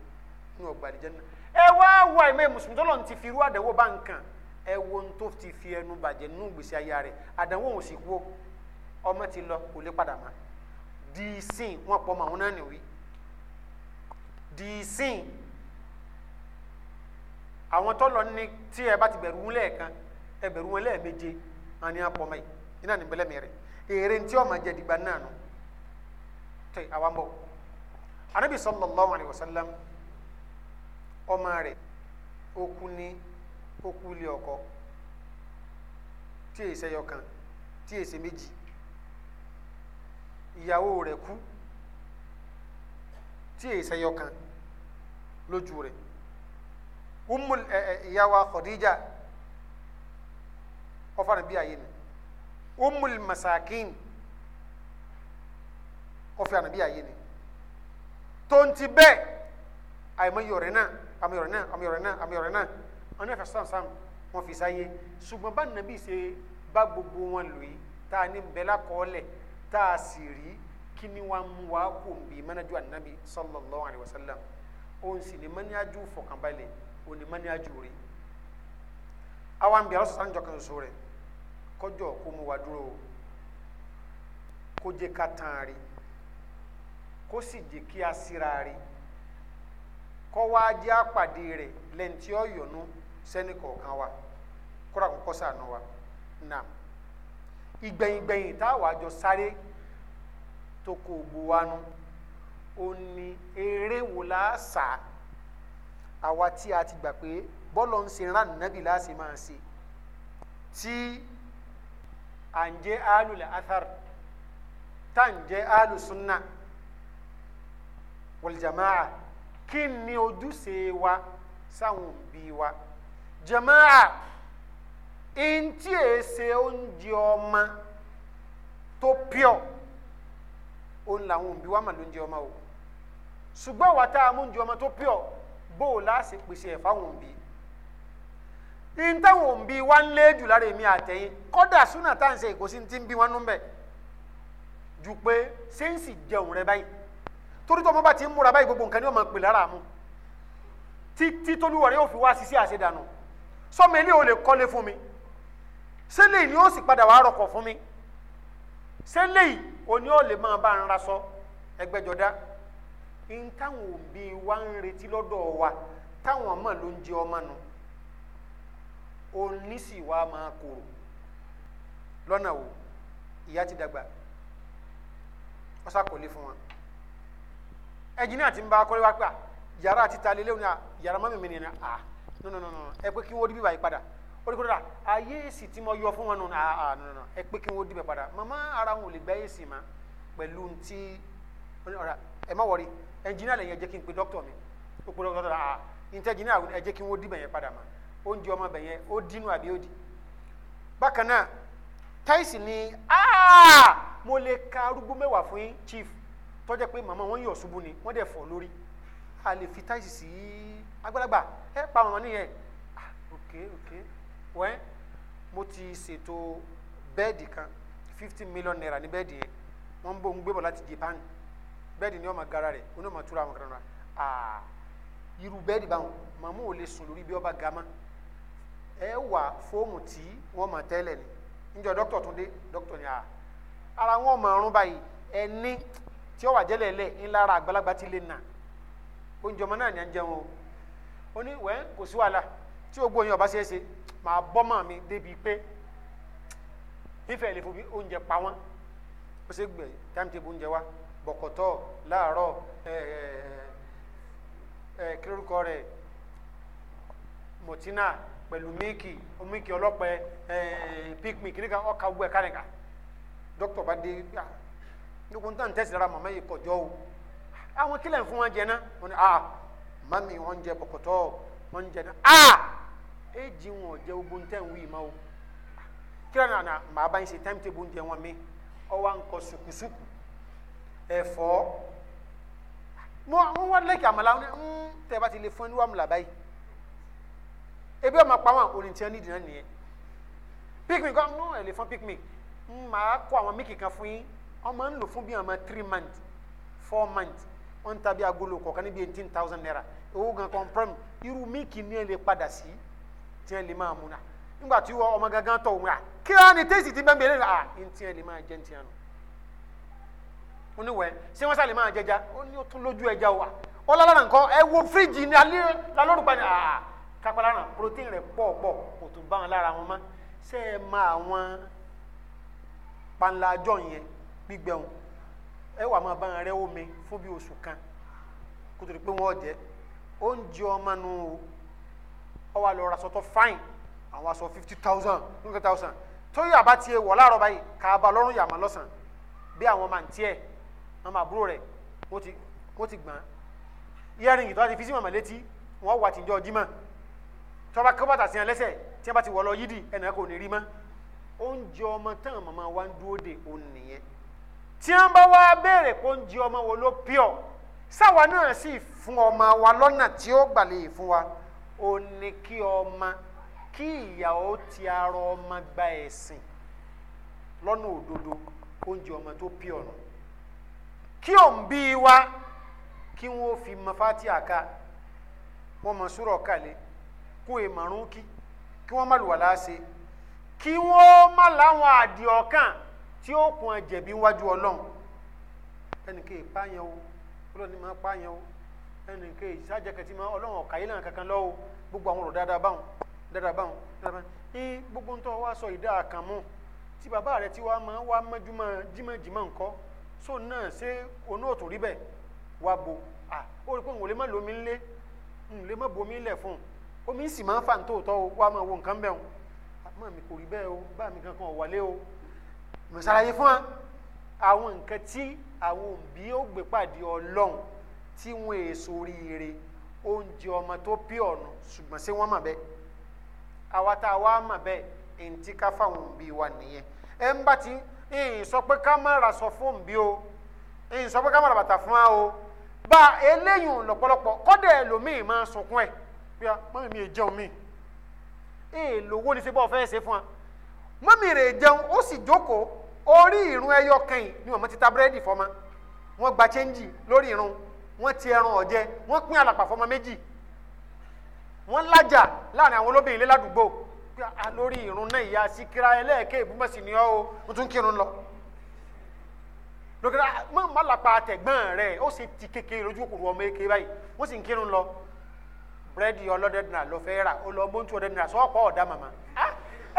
inú ọgbà àlìjáná ẹ wá wá ìmọ̀ mùsùlùmí tọ́lọ̀ ti fi irú àdánwò bá nǹkan ẹ wo ohun tó ti fi ẹnu bàjẹ́ nínú ìgbésí ayé rẹ̀ àdánwò òun sì kú ọmọ ti lọ kò lè padà má di wọn pọ̀ mọ́ àwọn náà nìwí di sin àwọn tọ́lọ ní tí ẹ bá ti bẹ̀rù wọn lẹ́ẹ̀kan ẹ bẹ̀rù wọn lẹ́ẹ̀méje àní apọ̀mọ́ yìí iná ní bẹ́lẹ̀ mẹ́rẹ̀ èrè ntí ọmọ jẹ dìgbà náà nù tẹ àwọn bọ̀ anabi sallallahu alayhi wa sallam ọmọ rẹ̀ okú ní okú ilé ọkọ tí èsè yọkan tí èsè méjì ìyàwó rẹ̀ kú tí èsè yọkan lójú rẹ̀ umul ẹ ẹ ìyàwó Khadija ọfàna bí ayé ni umul masakin ọfàna bí ayé ni tonti bẹ́ẹ̀ àyèmọ̀yọ̀rẹ̀ náà àmọ̀yọ̀rẹ̀ náà àmọ̀yọ̀rẹ̀ náà àmọ̀yọ̀rẹ̀ náà wọn náà fẹ́ sàmsàm wọn fi sáyé ṣùgbọ́n bá nàbí ṣe bá gbogbo wọn lò yìí tá a ní bẹ́lá kọ́ọ́lẹ̀ tá a sì rí kí ni wàá mú wa kò bí mẹ́nẹ́jọ́ ànábì sallallahu alayhi wa sallam. onse ne mani aju fo kambale o ne mani ajuri awan bi rasu san jokan kọjọ ko jo ko mu waduro ko je ko si je ki asirari ko wa je apade re lenti oyonu seniko kan wa kora ko sa wa na igbeyin igbeyin ta wa sare to ó ní eré wò láàṣà àwa tí a ti gbà pé bọ́lọ̀ ń ṣe rán nàbì láàṣì máa ṣe tí à ń jẹ́ alùlẹ̀ athar tá à ń jẹ́ alùsùnà wàlìjàmáà kí ni ojúṣe wa sáwọn òbí wa jàmáà ntí èsè oúnjẹ ọmọ tó pure òun làwọn òbí wa mà lóúnjẹ ọmọ o ṣùgbọ́n wà tá a mú ju ọmọ tó pure bó o láàṣẹ pèsè ẹ̀ fáwọn òbí ní táwọn òbí wa ń lé jù lára èmi àtẹ̀yìn kọ́dà súnà tá à ń ṣe ìkòsí ti ń bí wọn nú bẹ̀ ju pé sẹ́ǹsì jẹun rẹ báyìí torí tó ọmọ bá ti ń múra báyìí gbogbo nǹkan ni ọmọ pè lára mu títí tolúwọ̀rẹ́ yóò fi wá ṣiṣẹ́ àṣedànù sọmọ ilé ò lè kọ́lé fún mi sẹ́lẹ̀ ni ó sì padà wàá rọkọ̀ fún mi sẹ́lẹ̀ òní ò lè máa bá ń raṣọ ẹgbẹ́jọdá. E n táwọn òbí wa ń retí lọ́dọ̀ wa táwọn ọmọ ló ń jẹ ọmọ nu òní sì wá máa kóró lọ́nà wo ìyá ti dàgbà wọ́n sàkólé fún wọn ẹjìn náà ti ń bá akọ́lé wá pé yàrá títa lé léwu ni yàrá mọ́mí mi nìyẹn ah no no no no ẹ pé kí wọ́n dìbì báyìí padà ó dìbò dà ayé èsì tí mo yọ fún wọn nù ah ah no no no ẹ pé kí wọ́n dìbì padà màmá ara wọn ò lè gbá èsì mọ́ pẹ̀lú ti ẹ má wọrí ẹnjìnìá lẹ́yìn ẹ jẹ́ kí n pe dọ́kítọ̀ mi ó pe dọ́kítọ̀ ah ìntẹ́jìnìá ẹ jẹ́ kí wọ́n dì bẹ̀yẹn padà mà oúnjẹ ọmọ bẹ̀yẹn ó dínú àbí ó dì bákan náà táìsì ni ah mo lè ka arúgbó mẹ́wàá fún yín chief tọ́jà pé màmá wọn yọ̀ ṣubú ni wọ́n dẹ̀ fọ̀ lórí a lè fi táìsì sí àgbàlagbà ẹ pa màmá nìyẹn ah, ok ok wẹ́n mo ti ṣètò bẹ́ẹ̀dì kan fifty million naira ní bẹ́ẹ̀dì yẹn wọ́n ń bọ̀ ń gbébọ̀ láti Japan Bed ni ma gara rẹ̀ onye ma túra àwọn kan náà aa irú bẹ́ẹ̀dì báwọn màmú ò lè sùn lórí ọba gama ẹ wà fóòmù tí ma mọ̀ tẹ́lẹ̀ ni níjọ dókítà tún dé dókítà ni a ara wọn báyìí tí ọ wà jẹ́lẹ̀ lẹ̀ ńlá àgbàlagbà ti lè nà oúnjẹ ọmọ náà ni à jẹun o ó ní wẹ́n o ọba ṣe é ṣe màá wa. bọ̀kọ̀tọ̀ láàárọ̀ kílórúkọ rẹ̀ mọ̀tínà pẹ̀lú míìkì omíìkì ọlọ́pẹ píkmì kìnìkan ọkà gbogbo ẹ̀ka nìkan dókítà bá dé nígbà ah, tó ń tẹ̀sí lára màmá yìí kọjọ́ o àwọn kílẹ̀ ń fún wọn jẹ náà wọn ni ah mami wọn jẹ bọ̀kọ̀tọ̀ wọn jẹ náà ah èjì wọn jẹ ogun tẹ̀ ń wí ma o kílẹ̀ náà màá bá yín ṣe time table ń jẹ wọn mi ọwọ́ à ń kọ sùkùsùkù ẹ̀fọ́ mo wọ́n wá lẹ́kì àmàlà ń hmm, tẹ́ bá ti lè fún ẹni wà mú làbá yìí ebi ọmọ pa wọn orin tí wọn nídìí náà nìyẹn picnic kan nù hmm, ẹ lè fún picnic ń hmm, máa kó àwọn míkì kan fún yín ọmọ ń lò fún bí ọmọ three months four months wọn ń ta bí agolo kọ̀ọ̀kan níbi eighteen thousand naira owó gan confirm irú míkì ni ẹ lè padà sí tí ẹ lè máa mú náà nígbà tí ọmọ gangan tọ̀ wọn à ah, kí wọn ni tẹ́sí ti bẹ́ẹ̀ bẹ́ẹ̀ lẹ́nu à ń ẹ lè máa jẹ́ ń ẹ nù oníwẹ̀ ṣé wọ́n sàlẹ̀ máa jẹja ó ní ó tún lójú ẹja wa ó lálára nǹkan ẹ wo fíríjì ní alẹ́ lálórúkọ ni kápẹ́lá náà protein rẹ̀ pọ̀ pọ̀ kò tún bá wọn lára wọn mọ́ ṣé ẹ ma àwọn panla àjọ yẹn gbígbẹ wọn ẹ wà máa bá wọn rẹ omi fún bí oṣù kan kó tó di pé wọn jẹ oúnjẹ ọmọ nu ọ wà lọ ra sọtọ àwọn aṣọ fifty thousand twenty thousand tóyè àbá tiẹ̀ wọ̀ láàárọ̀ báyìí kà á ba lọ́rùn yàmà lọ́sàn bí àwọn màǹtí ẹ̀ ọmọ àbúrò rẹ̀ wọ́n ti wọ́n ti gbọ́n yẹ́rìngì tó a ti fi sí màmá létí wọ́n wà tíjọ́ jímọ̀ tọ́ba kọ́bàtà sí ẹ lẹ́sẹ̀ tí wọ́n bá ti wọ̀ lọ yídì ẹnì kò ní rí mọ́ oúnjẹ ọmọ tán màmá wa ń dúró de òun nìyẹn tí wọ́n bá wá béèrè pé oúnjẹ ọmọ wo ló pure sáwa náà sì fún ọmọ wa lọ́nà tí ó gbà lè fún wa ó ní kí ọmọ kí ìyàwó ti ara ọmọ gba ẹ̀sìn lọ́nà òdodo oúnjẹ ọmọ tó pure nù kí òun bí wa kí wọ́n fi mafati àká wọ́n mọ̀ sùrọ̀ kàlẹ́ kún e èèmọ̀rún kí kí wọ́n má lù wà láàṣẹ kí wọ́n má láwọn àdì ọ̀kan tí ó kun ẹ̀jẹ̀bí wájú ọlọ́run ẹnìkan ìpáyẹn o ọlọ́run ni máa páyẹn o ẹnìkan ìsájẹkẹtì máa ọlọ́run ọ̀kà yìí náà kankan lọ́wọ́ gbogbo àwọn ọ̀rọ̀ dáadáa báwọn dáadáa báwọn dáadáa ní gbogbo ń tọ́ wá sọ ìdá àkànmọ́ tí bàbá rẹ ti wá máa wá mọ́júmọ́ jímọ̀jímọ̀ nǹkan so náà ṣé onú òtún rí bẹ́ẹ̀ wá bo à ó rí i pé n ò lè má lomi ńlé n lè má bomi ńlẹ̀ fún un omi ń sì máa ń fà ní tòótọ́ o wá máa wo nǹkan bẹ́ẹ̀ o àmọ́ mi kò rí bẹ́ẹ̀ o bá mi kankan wọlé o mo ṣàlàyé fún wa àwọn nǹkan tí àwọn òbí ó gbé pàdé ọlọ́run tí wọ́n èso oríire oúnjẹ ọmọ tó pí ọ̀nà ṣùgbọ́n ṣé wọ́n mà bẹ́ẹ̀ àwa tá a wá mà bẹ́ẹ̀ èyí tí ká fáwọn òbí wa nìyẹn ẹ ń bá ti ìyìn sọ pé ká má ra sọ fún mi o ìyìn sọ pé ká má ra bàtà fún wa o bá eléyìí lọ́pọ̀lọpọ̀ kọ́dà ẹlòmíì máa sunkún ẹ̀ bí a mọ́mí mi jẹun mi èèlówó ni sẹ́gbọ́n fẹ́ ṣe fún wa mọ́mí rẹ̀ jẹun ó sì jókòó orí ìrún ẹyọ kẹyìn ni wọ́n ti ta búrẹ́dì fọ́mọ wọ́n gba chẹ́ńjì lórí ìrún wọ́n ti ẹran ọ̀jẹ́ wọ́n pín àlàpà fọ́mọ méjì wọ́n lájà láàrin àwọn olóbìnrin lé ládùúgbò lórí irun náà ìyá síkírá ẹlẹ́ẹ̀kẹ́ ìbúmọ̀sí ni ọ́ o mo tún kírun lọ. lókèrè mọ mọlápá tẹ̀gbọ́n rẹ̀ ó sì ti kékeré lójú kòkòrò ọmọ èké báyìí wọ́n sì ń kírun lọ. búrẹ́dì ọlọ́dẹ̀dìnà lọ fẹ́ rà ó lọ mọ́tò ọ̀dẹ̀dìnà sọ́ọ̀pọ̀ ọ̀dà màmá.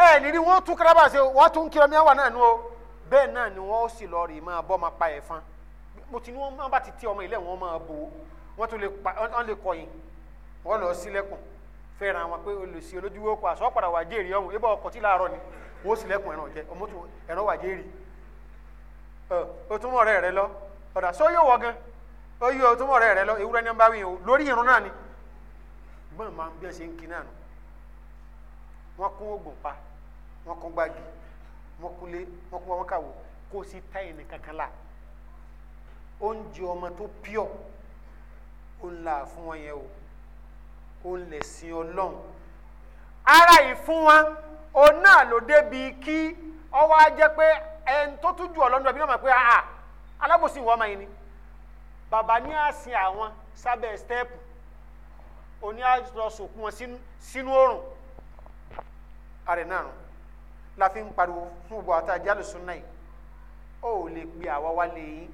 ẹ nírí wọn tún kárábà ṣe wọn tún kírọ miáwá náà nu o bẹ́ẹ̀ náà ni wọ́n sì lọ rí máa bọ́ máa pa ẹ̀fọn mo ti ní wọ́n bá ti tí ọmọ ilé wọn máa bò wọ́n tún lè kọ̀yìn wọ́n lọ sílẹ̀kùn fẹ́ràn wọn pé olùsí olójúwò kọ àṣọ padà wà jéèrè ọ̀hún ibà ọkọ̀ tí láàárọ̀ ni wọ́n sì lẹ́kùn ẹ̀ràn jẹ ọmọ tó ẹ̀rọ wà jéèrè ọtúmọ̀ rẹ̀ rẹ lọ ọ̀dà sọ yóò wọ gan ó yọ ọtúmọ̀ rẹ̀ rẹ lọ ewúrẹ́ ní ń bá wí o lórí irun náà ni gbọ́n máa ń bí ẹ ṣe ń kí náà nù wọ́n kún oògùn pa wọ́n kún gbági wọ́n kúlé wọ́n kún wọn kó sí táyì ní òun lè sin ọlọ́run ara yìí fún wọn òun náà ló débi kí ọwọ́ á jẹ́ pé ẹni tó tún jù ọlọ́run ẹbí náà mọ̀ pé àà alábòsí ìwọ́n ọmọ yìí ni bàbá ní àsìn àwọn sábẹ́ stẹ́ẹ̀pù òní àlọ́sọ̀kún wọn sínú òrùn àrẹ̀ náà rùn la fi ń pariwo fún gbogbo àtàjẹ́ àlùsùn náà yìí ó lè pe àwa wálé yín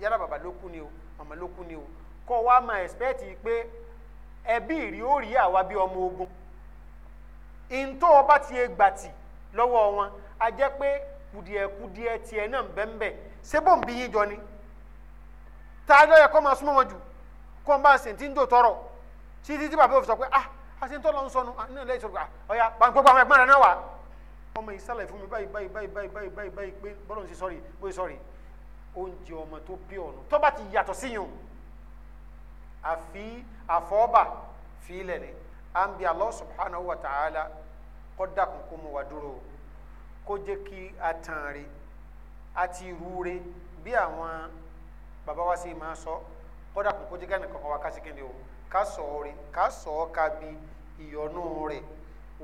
yálà bàbá ló kú ni o màmá ló kú ni o kọ́ wa máa ẹ̀sìpẹ́ẹ̀tì pé ẹbí rí ó rí àwa bí ọmọ ogun ntọ́ ọba ti e gbà tì lọ́wọ́ wọn a jẹ́ pé kùdìẹ̀kùdìẹ̀ tiẹ̀ náà bẹ́ẹ̀nbẹ́ ṣé bò ń bí yín jọ ni tá a lọ́yẹ̀ kọ́ máa súnmọ́ wọn jù kọ́ máa ṣe tí ń dò tọrọ tí títí bàbá òfin sọ pé ah àti ntọ́ lọ ń sọnu náà lẹ́yìn sọ̀rọ̀ ọ̀yà gbogbo àwọn ẹ̀gbọ́n rẹ̀ náà wà ọmọ ìsàlẹ̀ fún mi báyìí báyìí báyìí báyìí báyìí báyìí pé bọ́lọ̀ ń ṣe sọ́ọ̀rì bóyá sọ́ọ̀rì oúnjẹ ọmọ tó bí ọ̀nà tó bá ti yàtọ̀ síyàn àfi àfọ́ọ́bà fílẹ̀ ni à ń bi Allah subhanahu wa ta'ala kó dákun kó mu wá dúró kó jẹ́ kí a tàn re àti ìrúure bí àwọn bàbá wa sì máa sọ kó dákun kó jẹ́ kí ẹnìkan kan wá o ká sọ ọ́ rẹ̀ ká bi ìyọ́nú rẹ̀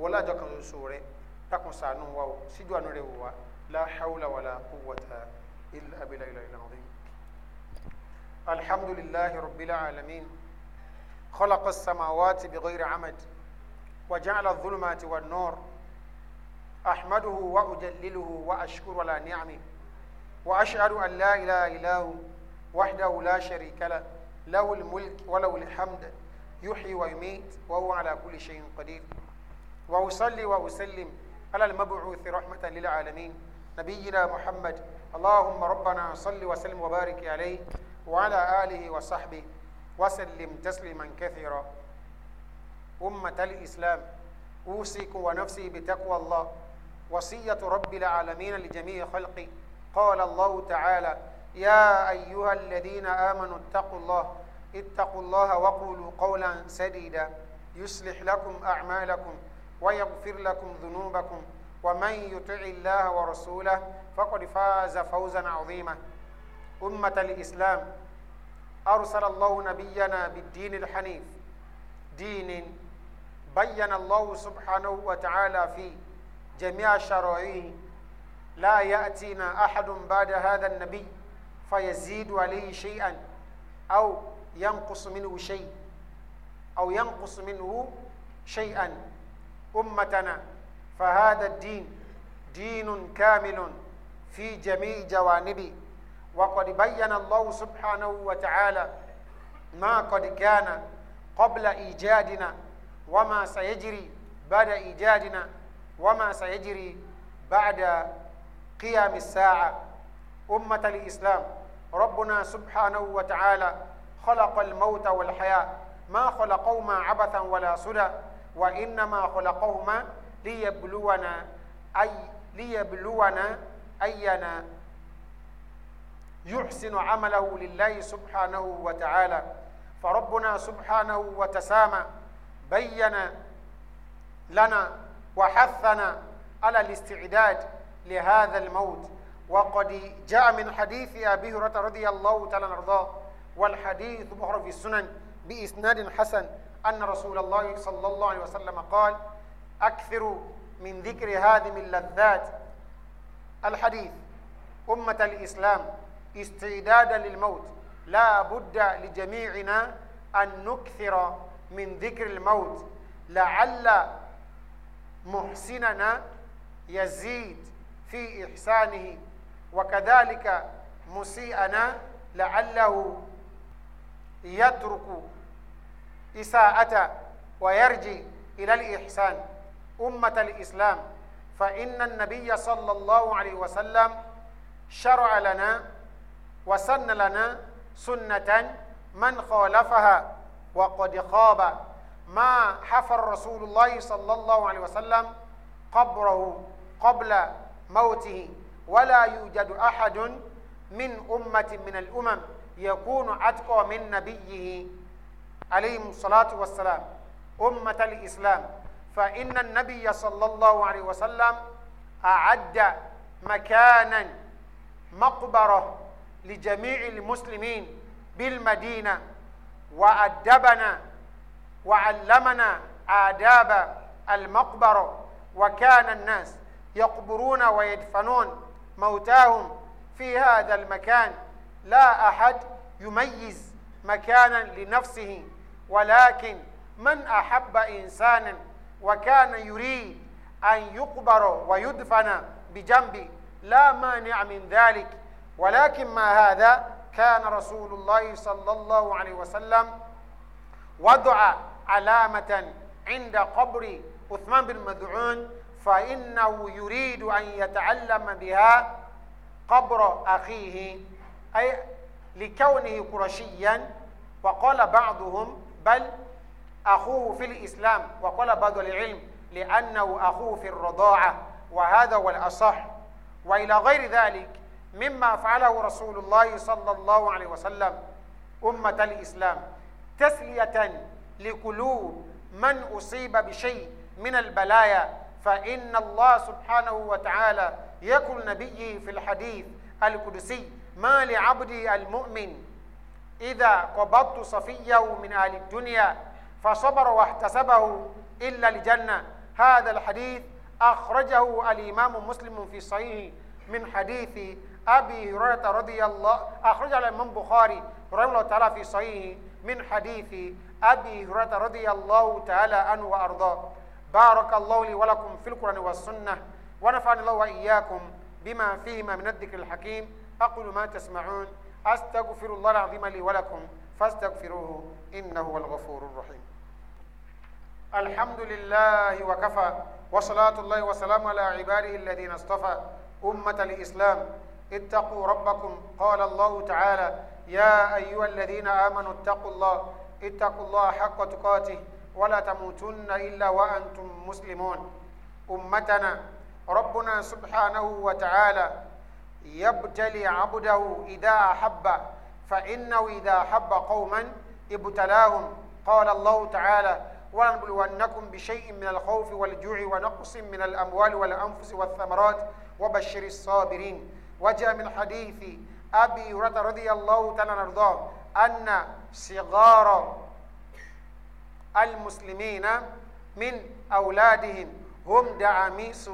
wọlé àjọ kan ṣoṣo rẹ̀ dákun ṣàánú wa o síjú àánú rẹ̀ wò wá la hawla wala quwwata illa billahi ilà ilà الحمد لله رب العالمين خلق السماوات بغير عمد وجعل الظلمات والنور أحمده وأجلله وأشكر على نعمه وأشهد أن لا إله إلا هو وحده لا شريك له له الملك وله الحمد يحيي ويميت وهو على كل شيء قدير وأصلي وأسلم على المبعوث رحمة للعالمين نبينا محمد اللهم ربنا صل وسلم وبارك عليه وعلى آله وصحبه وسلم تسليما كثيرا أمة الإسلام أوصيك ونفسي بتقوى الله وصية رب العالمين لجميع خلقي قال الله تعالى يا أيها الذين آمنوا اتقوا الله اتقوا الله وقولوا قولا سديدا يصلح لكم أعمالكم ويغفر لكم ذنوبكم ومن يطع الله ورسوله فقد فاز فوزا عظيما أمة الإسلام أرسل الله نبينا بالدين الحنيف دين بين الله سبحانه وتعالى في جميع شرعه لا يأتينا أحد بعد هذا النبي فيزيد عليه شيئا أو ينقص منه شيء أو ينقص منه شيئا أمتنا فهذا الدين دين كامل في جميع جوانبه وقد بين الله سبحانه وتعالى ما قد كان قبل إيجادنا وما سيجري بعد إيجادنا وما سيجري بعد قيام الساعة أمة الإسلام ربنا سبحانه وتعالى خلق الموت والحياة ما خلقهما عبثا ولا سدى وإنما خلقهما ليبلونا أي ليبلونا أينا يحسن عمله لله سبحانه وتعالى فربنا سبحانه وتسامى بين لنا وحثنا على الاستعداد لهذا الموت وقد جاء من حديث أبي هريرة رضي الله تعالى عنه والحديث بحر في السنن بإسناد حسن أن رسول الله صلى الله عليه وسلم قال أكثر من ذكر هذه اللذات الحديث أمة الإسلام استعدادا للموت لا بد لجميعنا أن نكثر من ذكر الموت لعل محسننا يزيد في إحسانه وكذلك مسيئنا لعله يترك إساءة ويرجع إلى الإحسان أمة الإسلام فإن النبي صلى الله عليه وسلم شرع لنا وسن لنا سنة من خالفها وقد خاب ما حفر رسول الله صلى الله عليه وسلم قبره قبل موته ولا يوجد أحد من أمة من الأمم يكون أتقى من نبيه عليه الصلاة والسلام أمة الإسلام فإن النبي صلى الله عليه وسلم أعد مكانا مقبره لجميع المسلمين بالمدينة وأدبنا وعلمنا آداب المقبرة وكان الناس يقبرون ويدفنون موتاهم في هذا المكان لا أحد يميز مكانا لنفسه ولكن من أحب إنسانا وكان يريد أن يقبر ويدفن بجنبه لا مانع من ذلك ولكن ما هذا كان رسول الله صلى الله عليه وسلم وضع علامة عند قبر عثمان بن مدعون فإنه يريد أن يتعلم بها قبر أخيه أي لكونه قرشيا وقال بعضهم بل أخوه في الإسلام وقال بعض العلم لأنه أخوه في الرضاعة وهذا هو الأصح وإلى غير ذلك مما فعله رسول الله صلى الله عليه وسلم أمة الإسلام تسلية لقلوب من أصيب بشيء من البلايا فإن الله سبحانه وتعالى يقول نبيه في الحديث القدسي ما لعبدي المؤمن إذا قبضت صفيه من أهل الدنيا فصبر واحتسبه إلا الجنة هذا الحديث أخرجه الإمام مسلم في صحيح من حديث أبي هريرة رضي الله أخرج على الإمام بخاري رحمه الله تعالى في صحيحه من حديث أبي هريرة رضي الله تعالى عنه وأرضاه بارك الله لي ولكم في القرآن والسنة ونفعني الله وإياكم بما فيهما من الذكر الحكيم أقول ما تسمعون أستغفر الله العظيم لي ولكم فاستغفروه إنه هو الغفور الرحيم الحمد لله وكفى وصلاة الله وسلام على عباده الذين اصطفى أمة الإسلام اتقوا ربكم قال الله تعالى يا أيها الذين آمنوا اتقوا الله اتقوا الله حق تقاته ولا تموتن إلا وأنتم مسلمون أمتنا ربنا سبحانه وتعالى يبتلي عبده إذا أحب فإنه إذا أحب قوما ابتلاهم قال الله تعالى ولنبلونكم بشيء من الخوف والجوع ونقص من الأموال والأنفس والثمرات وبشر الصابرين وجاء من حديث أبي هريرة رضي الله تعالى عنه أن صغار المسلمين من أولادهم هم دعاميس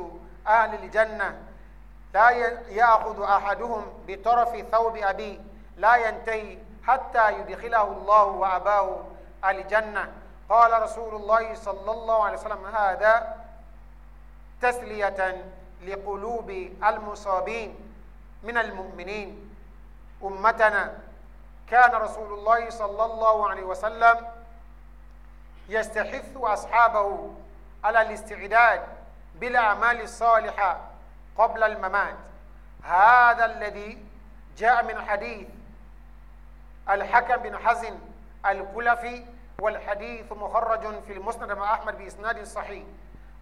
أهل الجنة لا يأخذ أحدهم بطرف ثوب أبيه لا ينتهي حتى يدخله الله وأباه الجنة قال رسول الله صلى الله عليه وسلم هذا تسلية لقلوب المصابين من المؤمنين أمتنا كان رسول الله صلى الله عليه وسلم يستحث أصحابه على الاستعداد بالأعمال الصالحة قبل الممات هذا الذي جاء من حديث الحكم بن حزن الكلفي والحديث مخرج في المسند مع أحمد بإسناد صحيح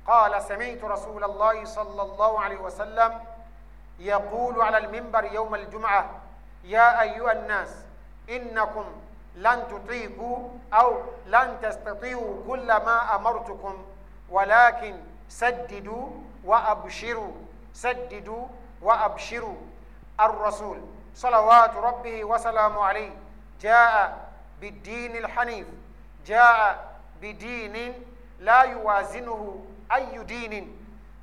قال سمعت رسول الله صلى الله عليه وسلم يقول على المنبر يوم الجمعة يا أيها الناس إنكم لن تطيقوا أو لن تستطيعوا كل ما أمرتكم ولكن سددوا وأبشروا سددوا وأبشروا الرسول صلوات ربه وسلامه عليه جاء بالدين الحنيف جاء بدين لا يوازنه أي دين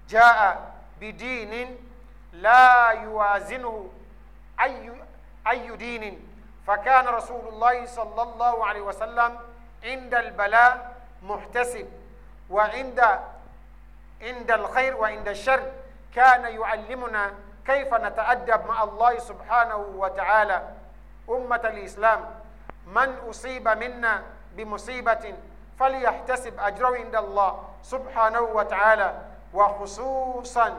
جاء بدين لا يوازنه أي, أي دين فكان رسول الله صلى الله عليه وسلم عند البلاء محتسب وعند عند الخير وعند الشر كان يعلمنا كيف نتأدب مع الله سبحانه وتعالى أمة الإسلام من أصيب منا بمصيبة فليحتسب أجره عند الله سبحانه وتعالى وخصوصا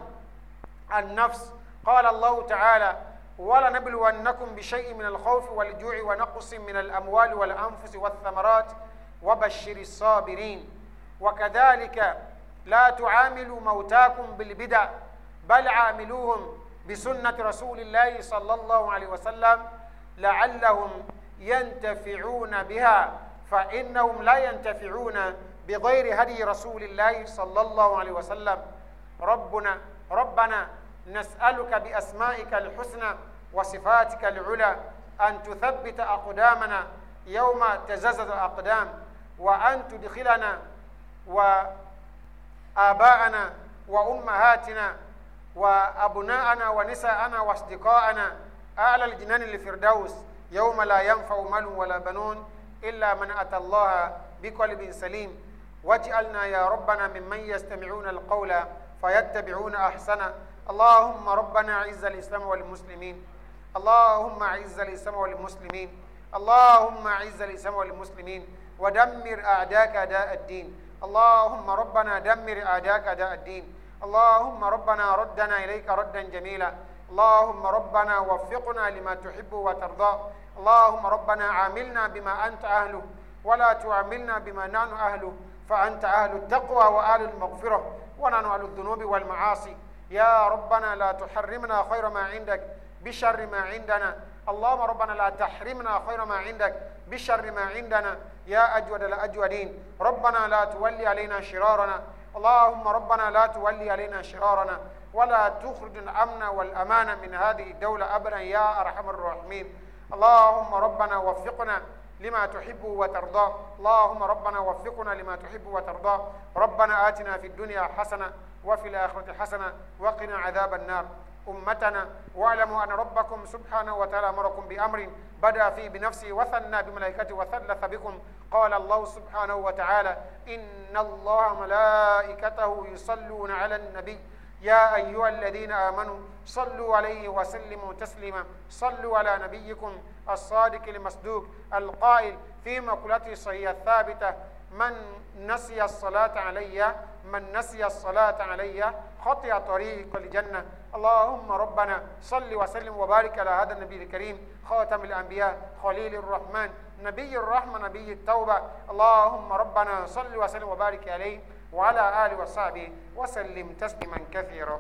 النفس قال الله تعالى ولنبلونكم بشيء من الخوف والجوع ونقص من الأموال والأنفس والثمرات وبشر الصابرين وكذلك لا تعاملوا موتاكم بالبدع بل عاملوهم بسنة رسول الله صلى الله عليه وسلم لعلهم ينتفعون بها فإنهم لا ينتفعون بغير هدي رسول الله صلى الله عليه وسلم ربنا ربنا نسألك بأسمائك الحسنى وصفاتك العلى أن تثبت أقدامنا يوم تزلزل الأقدام وأن تدخلنا وآباءنا وأمهاتنا وأبناءنا ونساءنا وأصدقاءنا أعلى الجنان الفردوس يوم لا ينفع مال ولا بنون إلا من أتى الله بقلب سليم واجعلنا يا ربنا ممن يستمعون القول فيتبعون أحسنه اللهم ربنا عز الإسلام والمسلمين اللهم عز الإسلام والمسلمين اللهم عز الإسلام والمسلمين ودمر أعداك أداء الدين اللهم ربنا دمر أعداك أداء الدين اللهم ربنا ردنا إليك ردا جميلا اللهم ربنا وفقنا لما تحب وترضى اللهم ربنا عاملنا بما أنت أهله ولا تعاملنا بما نحن أهله فأنت أهل التقوى وأهل المغفرة ونحن أهل الذنوب والمعاصي يا ربنا لا تحرمنا خير ما عندك بشر ما عندنا اللهم ربنا لا تحرمنا خير ما عندك بشر ما عندنا يا أجود الأجودين ربنا لا تولي علينا شرارنا اللهم ربنا لا تولي علينا شرارنا ولا تخرج الأمن والأمان من هذه الدولة أبدا يا أرحم الراحمين اللهم ربنا وفقنا لما تحب وترضى اللهم ربنا وفقنا لما تحب وترضى ربنا آتنا في الدنيا حسنة وفي الآخرة حسنة وقنا عذاب النار أمتنا واعلموا أن ربكم سبحانه وتعالى أمركم بأمر بدأ فيه بنفسه وثنى بملائكته وثلث بكم قال الله سبحانه وتعالى إن الله ملائكته يصلون على النبي يا أيها الذين آمنوا صلوا عليه وسلموا تسليما صلوا على نبيكم الصادق المصدوق القائل في مقولته الصحيحة الثابتة من نسي الصلاة علي من نسي الصلاة علي خطي طريق الجنة اللهم ربنا صل وسلم وبارك على هذا النبي الكريم خاتم الأنبياء خليل الرحمن نبي الرحمة نبي التوبة اللهم ربنا صل وسلم وبارك عليه وعلى آله وصحبه وسلم تسليما كثيرا